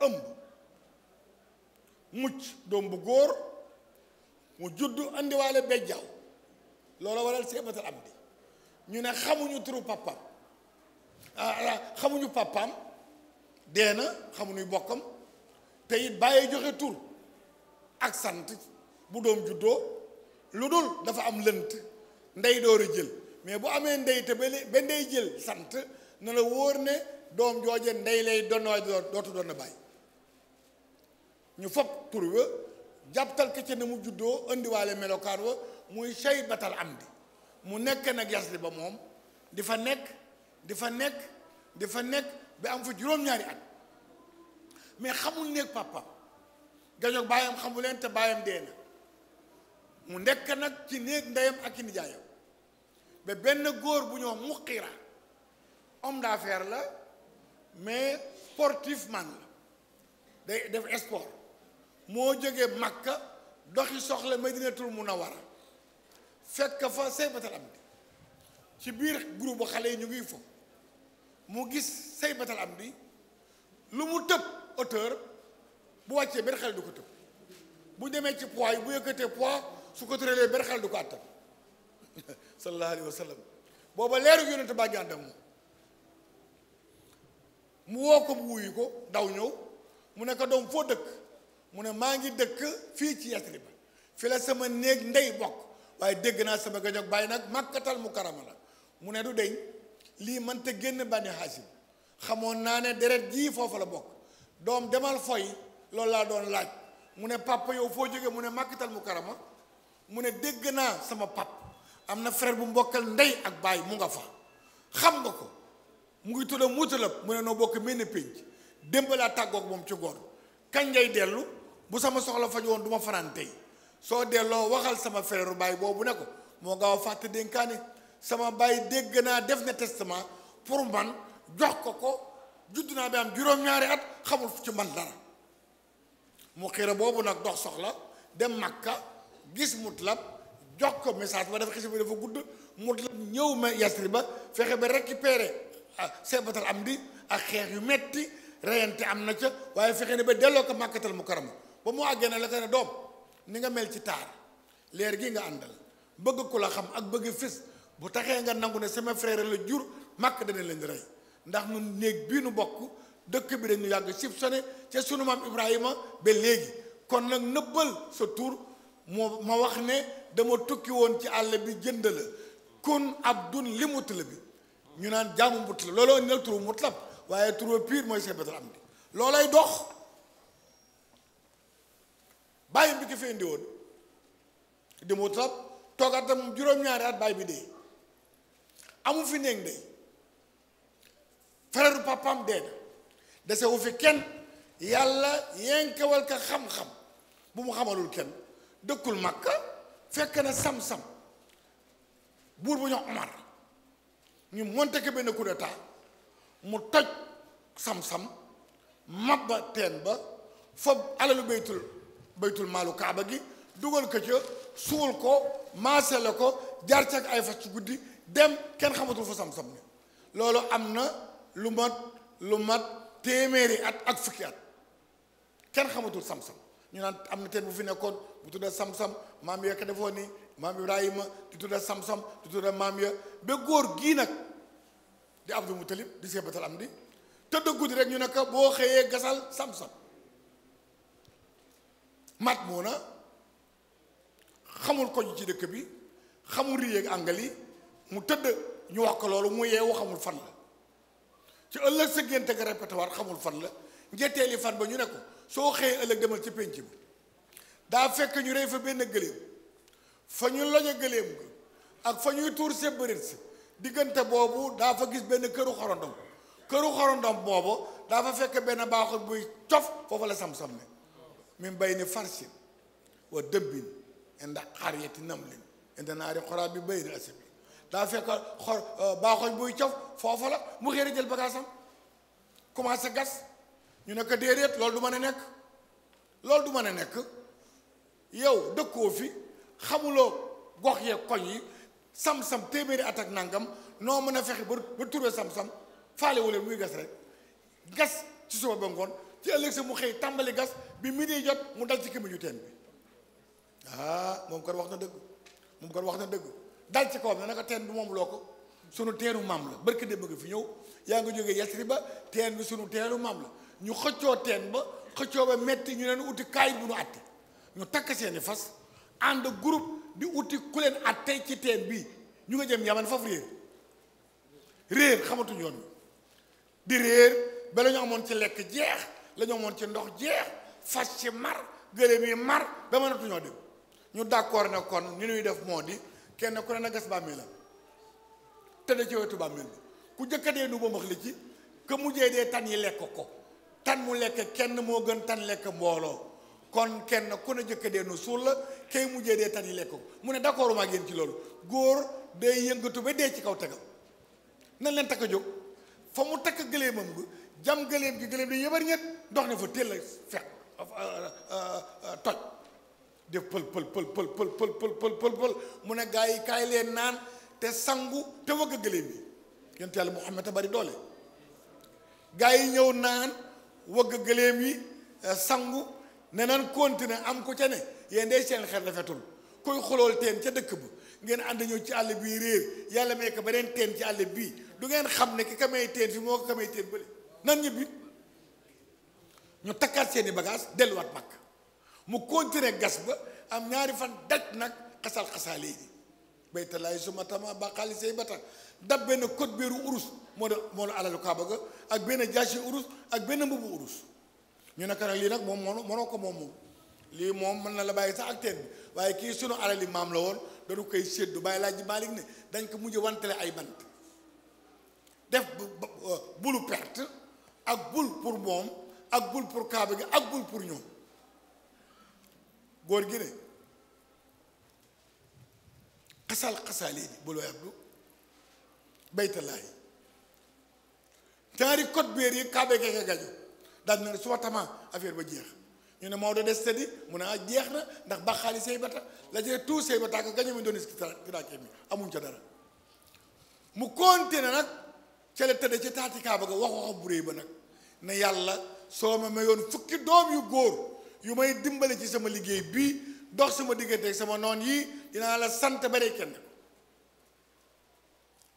ëmb mucc doom bu góor mu judd andiwaale bejjaaw loola waral si ebatal am di ñu ne xamuñu turu papaam ah, ah, xamuñu papaam dee na xamuñuy bokkam te it bàyyi joxe tur ak sant bu doom juddoo lu dul dafa am lënt ndey dooru jël mais bu amee ndey te ba ba ndey jël sant na la wóor ne doom jooje ndey lay doon waaye dootu doon na bàyyi ñu fopp tur wa jàpptal ko ne mu juddoo indiwaale melokaan wa muy sey batal am di mu nekk nag yas ba moom di fa nekk di fa nekk di fa nekk bi am fa juróom-ñaari at mais xamul néeg pàppam gajoog baayam xamu te baayam dee na mu nekk nag ci néeg ndeyam ak i nijaayam ba benn góor bu ñoo muqira homme d'affaires la mais sportif man la day def sport moo jógee Makka doxi soxla a Munawwara fekk fa Saybatal Amdi ci biir groupe xale yi ñu ngi fo mu gis Saybatal Amdi lu mu tëb hauteur bu wàccee benn xel du ko tëb bu demee ci poids yi bu yëkkatee poids su ko tëralee benn xel du ko àttan sallallahu alayhi wa sallam booba leeru yonent mu woo ko mu wuyu ko daw ñëw mu nekk ko doom foo dëkk mu ne maa ngi dëkk fii ci Yatrib fi la sama néeg ndey bokk waaye dégg naa sama gajog bàyyi nag màkkatal mu karama la mu ne du deñ lii man te génn bànni xaasim xamoon naa ne deret jii foofu la bokk doom demal foy loolu laa doon laaj mu ne papa yow foo jógee mu ne màkkital mu karama mu ne dégg naa sama pap am na frère bu mbokkal ndey ak baay mu nga fa xam nga ko mu ngi tudda muutalab mu ne noo bokk mel ni pénc démb laa tàggoog moom ci ngoon kañ ngay dellu bu sama soxla faj woon du ma fanaan tey soo delloo waxal sama frère baay boobu ne ko moo gaaw a fàtte dénkaane sama baay dégg naa def na testament pour man jox ko ko judd naa bi am juróom-ñaari at xamul ci man dara mu xiira boobu nag dox soxla dem Makka gis mut Mutlab jox ko message ba dafa xisi bi dafa gudd Mutlab ñëw ma ba fexe ba récupérer ah, seebatal am bi ak xeex yu metti reyante am na ca waaye fexe ne ba delloo ko Makkatal Mukarrama ba mu àggee na la ko ne doom ni nga mel ci taar leer gi nga àndal bëgg ko la xam ak bëgg fis bu taxee nga nangu ne sama frère la jur màkk dana leen rey ndax nu néeg bii nu bokk dëkk bi dañu yàgg sib sone ca sunu maam Ibrahima ba léegi kon nag nëbbal sa tur moo ma wax ne dama tukki woon ci àll bi jënd la kun abdun li mutla ñu naan jaamu mutla looloo ñu ne mutlab waaye turu piir mooy Cheikh Badara Amdi loolay dox bàyyi bi ki fi indi woon di mutlab toogaat juróom-ñaari at bàyyi bi dee amu fi néeg ndey frère papam dee na dese wu fi kenn yàlla yenkewal ka xam-xam bu mu xamalul kenn dëkkul Makka fekk na sam-sam buur bu ñu Omar ñu monte ko benn coup mu toj sam-sam mabba teen ba fob alalu baytul baytul maalu kaaba gi dugal ko suul ko maasele ko jaar ca ak ay fas ci guddi dem kenn xamatul fa sam-sam loolu am na lu mat lu mat téeméeri at ak fukki at kenn xamatul sam ñu naan am na teen bu fi nekkoon bu tudda sam-sam maam ya ka defoon ni maam Ibrahima di tudda sam-sam di tudda maam ya ba góor gii nag di Abdou Moutalib di seebatal tëdd guddi rek ñu ne ko boo xëyee gasal sam mat moo na xamul ko ci dëkk bi xamul riyeeg àngali mu tëdd ñu wax ko loolu mu yeewu xamul fan la ci ëllëg sa génte nga répété waat xamul fan la njetteeli fan ba ñu ne ko soo xëyee ëllëg demal ci pénc bi daa fekk ñu rey fa benn gëléem fa ñu loje gëléem ga ak fa ñuy tuur sébbërit si diggante boobu daa fa gis benn këru xorondom këru xorondom boobu daa fa fekk benn baaxul buy cof foofu la sam-sam ne min bay ni farsin wa dëbbin inda xariyati nam lin inda naari xoraa bi bay ni asib daa fekk xor euh, baaxoñ buy cof foofu la mu xëy jël bagaasam am commencé gas ñu ne ko déedéet loolu du mën a nekk loolu du mën a nekk yow dëkkoo fi xamuloo gox yeeg koñ yi sam-sam téeméeri at ak nangam noo mën a fexe ba ba sam-sam faale wu muy gas rek gas ci suba ba ngoon ci ëllëg sa mu xëy tàmbali gas bi mu di jot mu dal ci kémi ju teen bi ah moom kon wax na dëgg moom kon wax na dëgg dal ci kawam na a teen bi moom loo ko sunu teenu maam la barke de bëgg fi ñëw yaa nga jógee yasri ba teen bi sunu teenu maam la ñu xëccoo teen ba xëccoo ba metti ñu leen uti kaay bu nu àtte ñu takk seeni fas ànd groupe di uti ku leen àtte ci teen bi ñu nga jëm yaman faf réer réer xamatuñu yoon di réer ba la amoon ci lekk jeex la ñu amoon ci ndox jeex fas ci mar gëléem yi mar ba mënatuñoo dem ñu d'accord ne kon ni ñuy def moo di kenn ku ne na gas bàmmeelam tëdd ci wetu bàmmeel bi ku jëkka dee nu ba max li ci que mujjee dee tan yi lekk ko tan mu lekk kenn moo gën tan lekk mbooloo kon kenn ku ne jëkka dee nu suul la kay mujjee dee tan yi lekk ko mu ne d'accord maa ngeen ci loolu góor day yëngatu ba dee ci kaw tegam nan leen takk jóg fa mu takk gëleemam gi jam gëleem gi gëleem di yëbar ñett dox na fa téel a fekk toj def pël pël pël pël pël pël pël pël pël mu a gaa yi kaay leen naan te sangu te wëgg gëléem yi yonent yàlla Muhammad a bari doole gaa yi ñëw naan wëgg gëléem yi sangu ne nan continuer am ko ca ne yéen day seen xel rafetul koy xulool teen ca dëkk ba ngeen ànd ci àll bii réer yàlla may ko beneen teen ci àll bii du ngeen xam ne ki kamay teen fi moo ko kamay teen bële nan ñibbi ñu takkaat seeni bagage delluwaat Makka mu continuer gas ba am ñaari fan daj nag xasal xasaale yi baytalaayu suma tama ba xaalis say bata dab benn code beeru urus moo de moo la alalu kaaba ga ak benn jaasi urus ak benn mbubu urus ñu ne ko nag lii nag moom moo ko moom moom lii moom mën na la bàyyi sax ak teen bi waaye kii sunu alali maam la woon dañu koy séddu bàyyi laa ji Maalik ne dañ ko mujj wantale ay bant def bulu perte ak bul pour moom ak bul pour kaaba gi ak bul pour ñoom góor gi ne xasal xasaali bi bul way abdu baytalaayi ñaari code béer yi kaabe keke gaju daal na su ma tamaa affaire ba jeex ñu ne Maodo des tëddi mu ne ah jeex na ndax baaxaali say bata la jëlee tout say bata ak gañu ca dara mu continué nag ca la tëdd ci taati kaaba ga wax wax bu ba nag ne yàlla soo ma mayoon fukki doom yu góor yu may dimbali ci sama liggéey bii dox sama diggante ak sama noon yi dinaa la sant bare kenn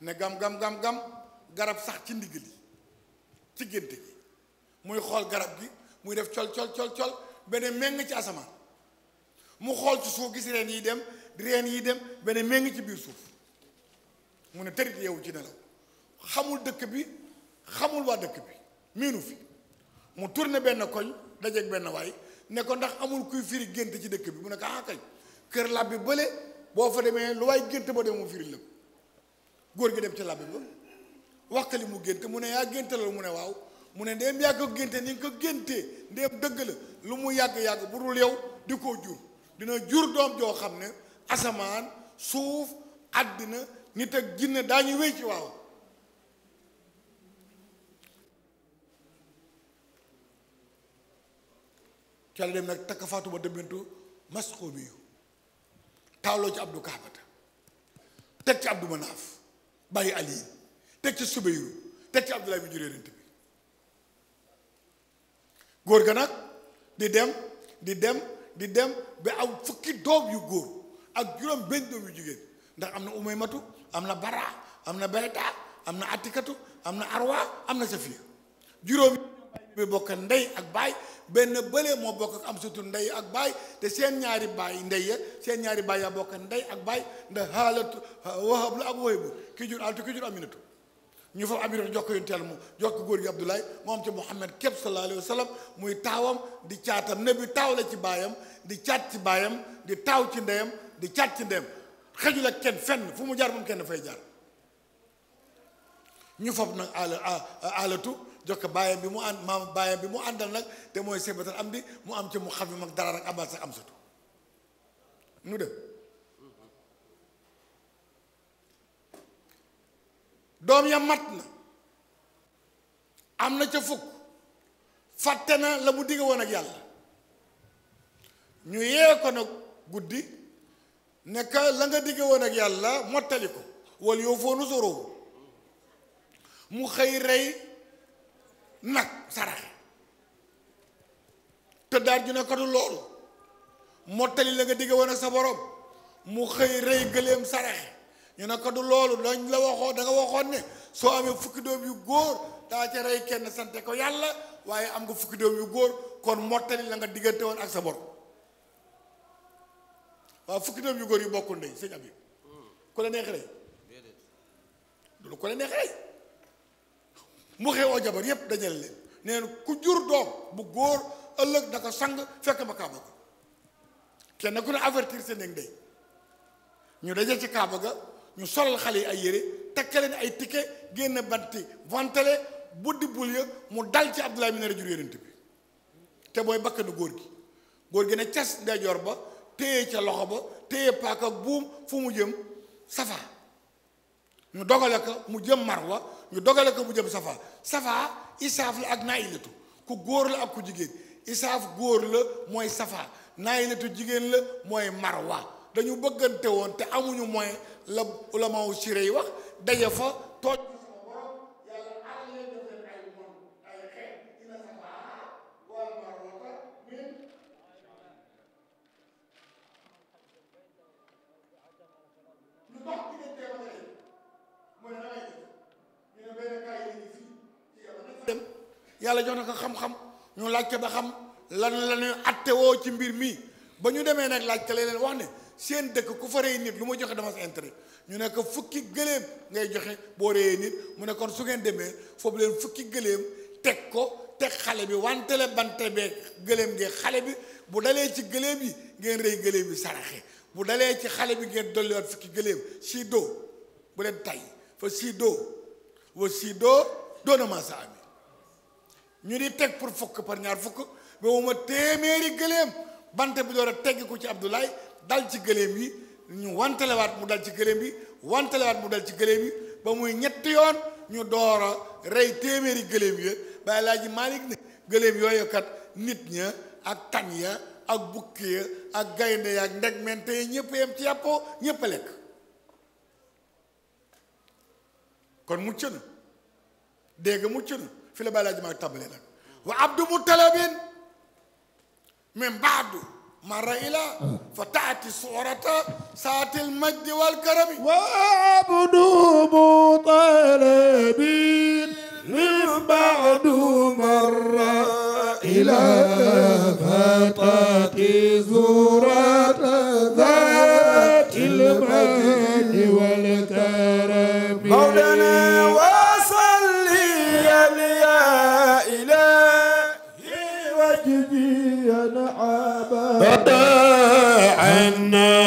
ne gam gam gam gam garab sax ci ndigg li ci gént gi muy xool garab gi muy def col col col col benn méng ci asamaan mu xool ci suuf gis reen yi dem reen yi dem benn méng ci biir suuf mu ne tërit yow ci nelaw xamul dëkk bi xamul waa dëkk bi miinu fi mu tourné benn koñ dajeeg benn waay ne ko ndax amul kuy firi gént ci dëkk bi mu ne ko ah kay kër làbbi bële boo fa demee lu waay gént ba dem mu firi la góor gi dem ci làbbi ba wax li mu gént mu ne yaa gént la mu ne waaw mu ne ndéem yaa ko génte ni nga ko géntee ndéem dëgg la lu mu yàgg-yàgg bu dul yow di ko jur dina jur doom joo xam ne asamaan suuf àddina nit ak jinne daañu wéy ci waaw ci la dem nag takk faatu ba dëbbentu masxoo bi yu taaloo ci abdu kaabata teg ci abdu manaaf bàyyi ali teg ci subayru teg ci abdulaay bi juree góor ga nag di dem di dem di dem ba aw fukki doom yu góor ak juróom benn jigéen ndax am na umaymatu am na bara am na bayta am na atikatu am na arwa am na safiya juróomi bi bokk ndey ak baay benn bële moo bokk ak am sutu ndey ak baay te seen ñaari baay ndey ya seen ñaari baay yaa bokk ndey ak baay ndax xaalatu wahab la ak woy bu ki jur altu aminatu ñu fa aminatu jox ko yu teel mu jox ko góor gi Abdoulaye moom ci Muhammad képp sallallahu alayhi wa sallam muy taawam di caatam ne bi taaw la ci baayam di caat ci baayam di taaw ci ndeyam di caat ci ndeyam xejul ak kenn fenn fu mu jaar moom kenn dafay jaar ñu fab nag jox ko bàyyam bi mu ànd maam bàyyam bi mu àndal nag te mooy sebatal am bi mu am ci mu xam yi mag dara rek amal sax am satu nu dem doom ya mat na am na ca fukk fàtte na la mu digg woon ak yàlla ñu yee ko nag guddi ne la nga digg woon ak yàlla mottali ko wala yow foo nu soroo mu xëy rey nag saraxe te daal ju nekkatu loolu mottali la nga digg woon ak sa borom mu xëy rey gëléem saraxe ñu ne ko loolu dañ la waxoon danga waxoon ne soo amee fukki doom yu góor daa ca rey kenn sante ko yàlla waaye am nga fukki doom yu góor kon mottali la nga diggante woon ak sa borom waaw fukki doom yu góor yu bokkul ndey sëñ Habib ku la neex rey loolu ku la neex rey mu xewoo jabar yépp dajale leen nee ku jur doom bu góor ëllëg na ko sang fekk ma kaaba ga kenn ku ne avertir seen néeg day ñu dajal ci kaaba ga ñu solal xale yi ay yére takkaleen ay tike génn banti vantale buddi bul ya mu dal ci Abdoulaye mi jur yonent bi te mooy bakkanu góor gi góor gi ne cas ndeyjoor ba téye ca loxo ba téye paaka buum fu mu jëm safa ñu dogale ko mu jëm wa ñu dogale ko mu jëm safa safa isaaf la ak naayilatu ku góor la ak ku jigéen isaaf góor la mooy safa naayilatu jigéen la mooy marwa dañu bëggante woon te amuñu moyen la ulamaaw siré yi wax daje fa tooj yàlla jox na ko xam-xam ñu laajte ba xam lan la ñuy woo ci mbir mi ba ñu demee nag laajte la leen wax ne seen dëkk ku fa rey nit lu ma joxe dama si intérêt ñu ne fukki gëléem ngay joxe boo reyee nit mu ne kon su ngeen demee foofu leen fukki gëléem teg ko teg xale bi wantele bante bee gëléem gi xale bi bu dalee ci gëléem yi ngeen rey gëléem yi saraxe bu dalee ci xale bi ngeen dolliwaat fukki gëléem sii doo bu leen tay fa sii doo wa sii doo ñu di teg pour fukk par ñaar fukk ba mu ma téeméeri gëléem bante bu door a teggi ko ci Abdoulaye dal ci gëléem yi ñu wantelewaat mu dal ci gëléem yi wantelewaat mu dal ba muy ñetti yoon ñu door a rey téeméeri gëléem yi ba Alaaji Maalik ne gëléem yooyu kat nit ña ak tan ya ak bukki ya ak gaynde ya ak ndeg ya ñëpp yem ci yàppoo ñëpp a lekk kon mucc na dégg mucc na fi la bàyyi laa jëmaa tàmbalee nag wa abdu muttalabin min baadu mara ila fa taati suurata saatil majdi wal karami wa abdu muttalabin min baadu mara ila fa taati suurata عنا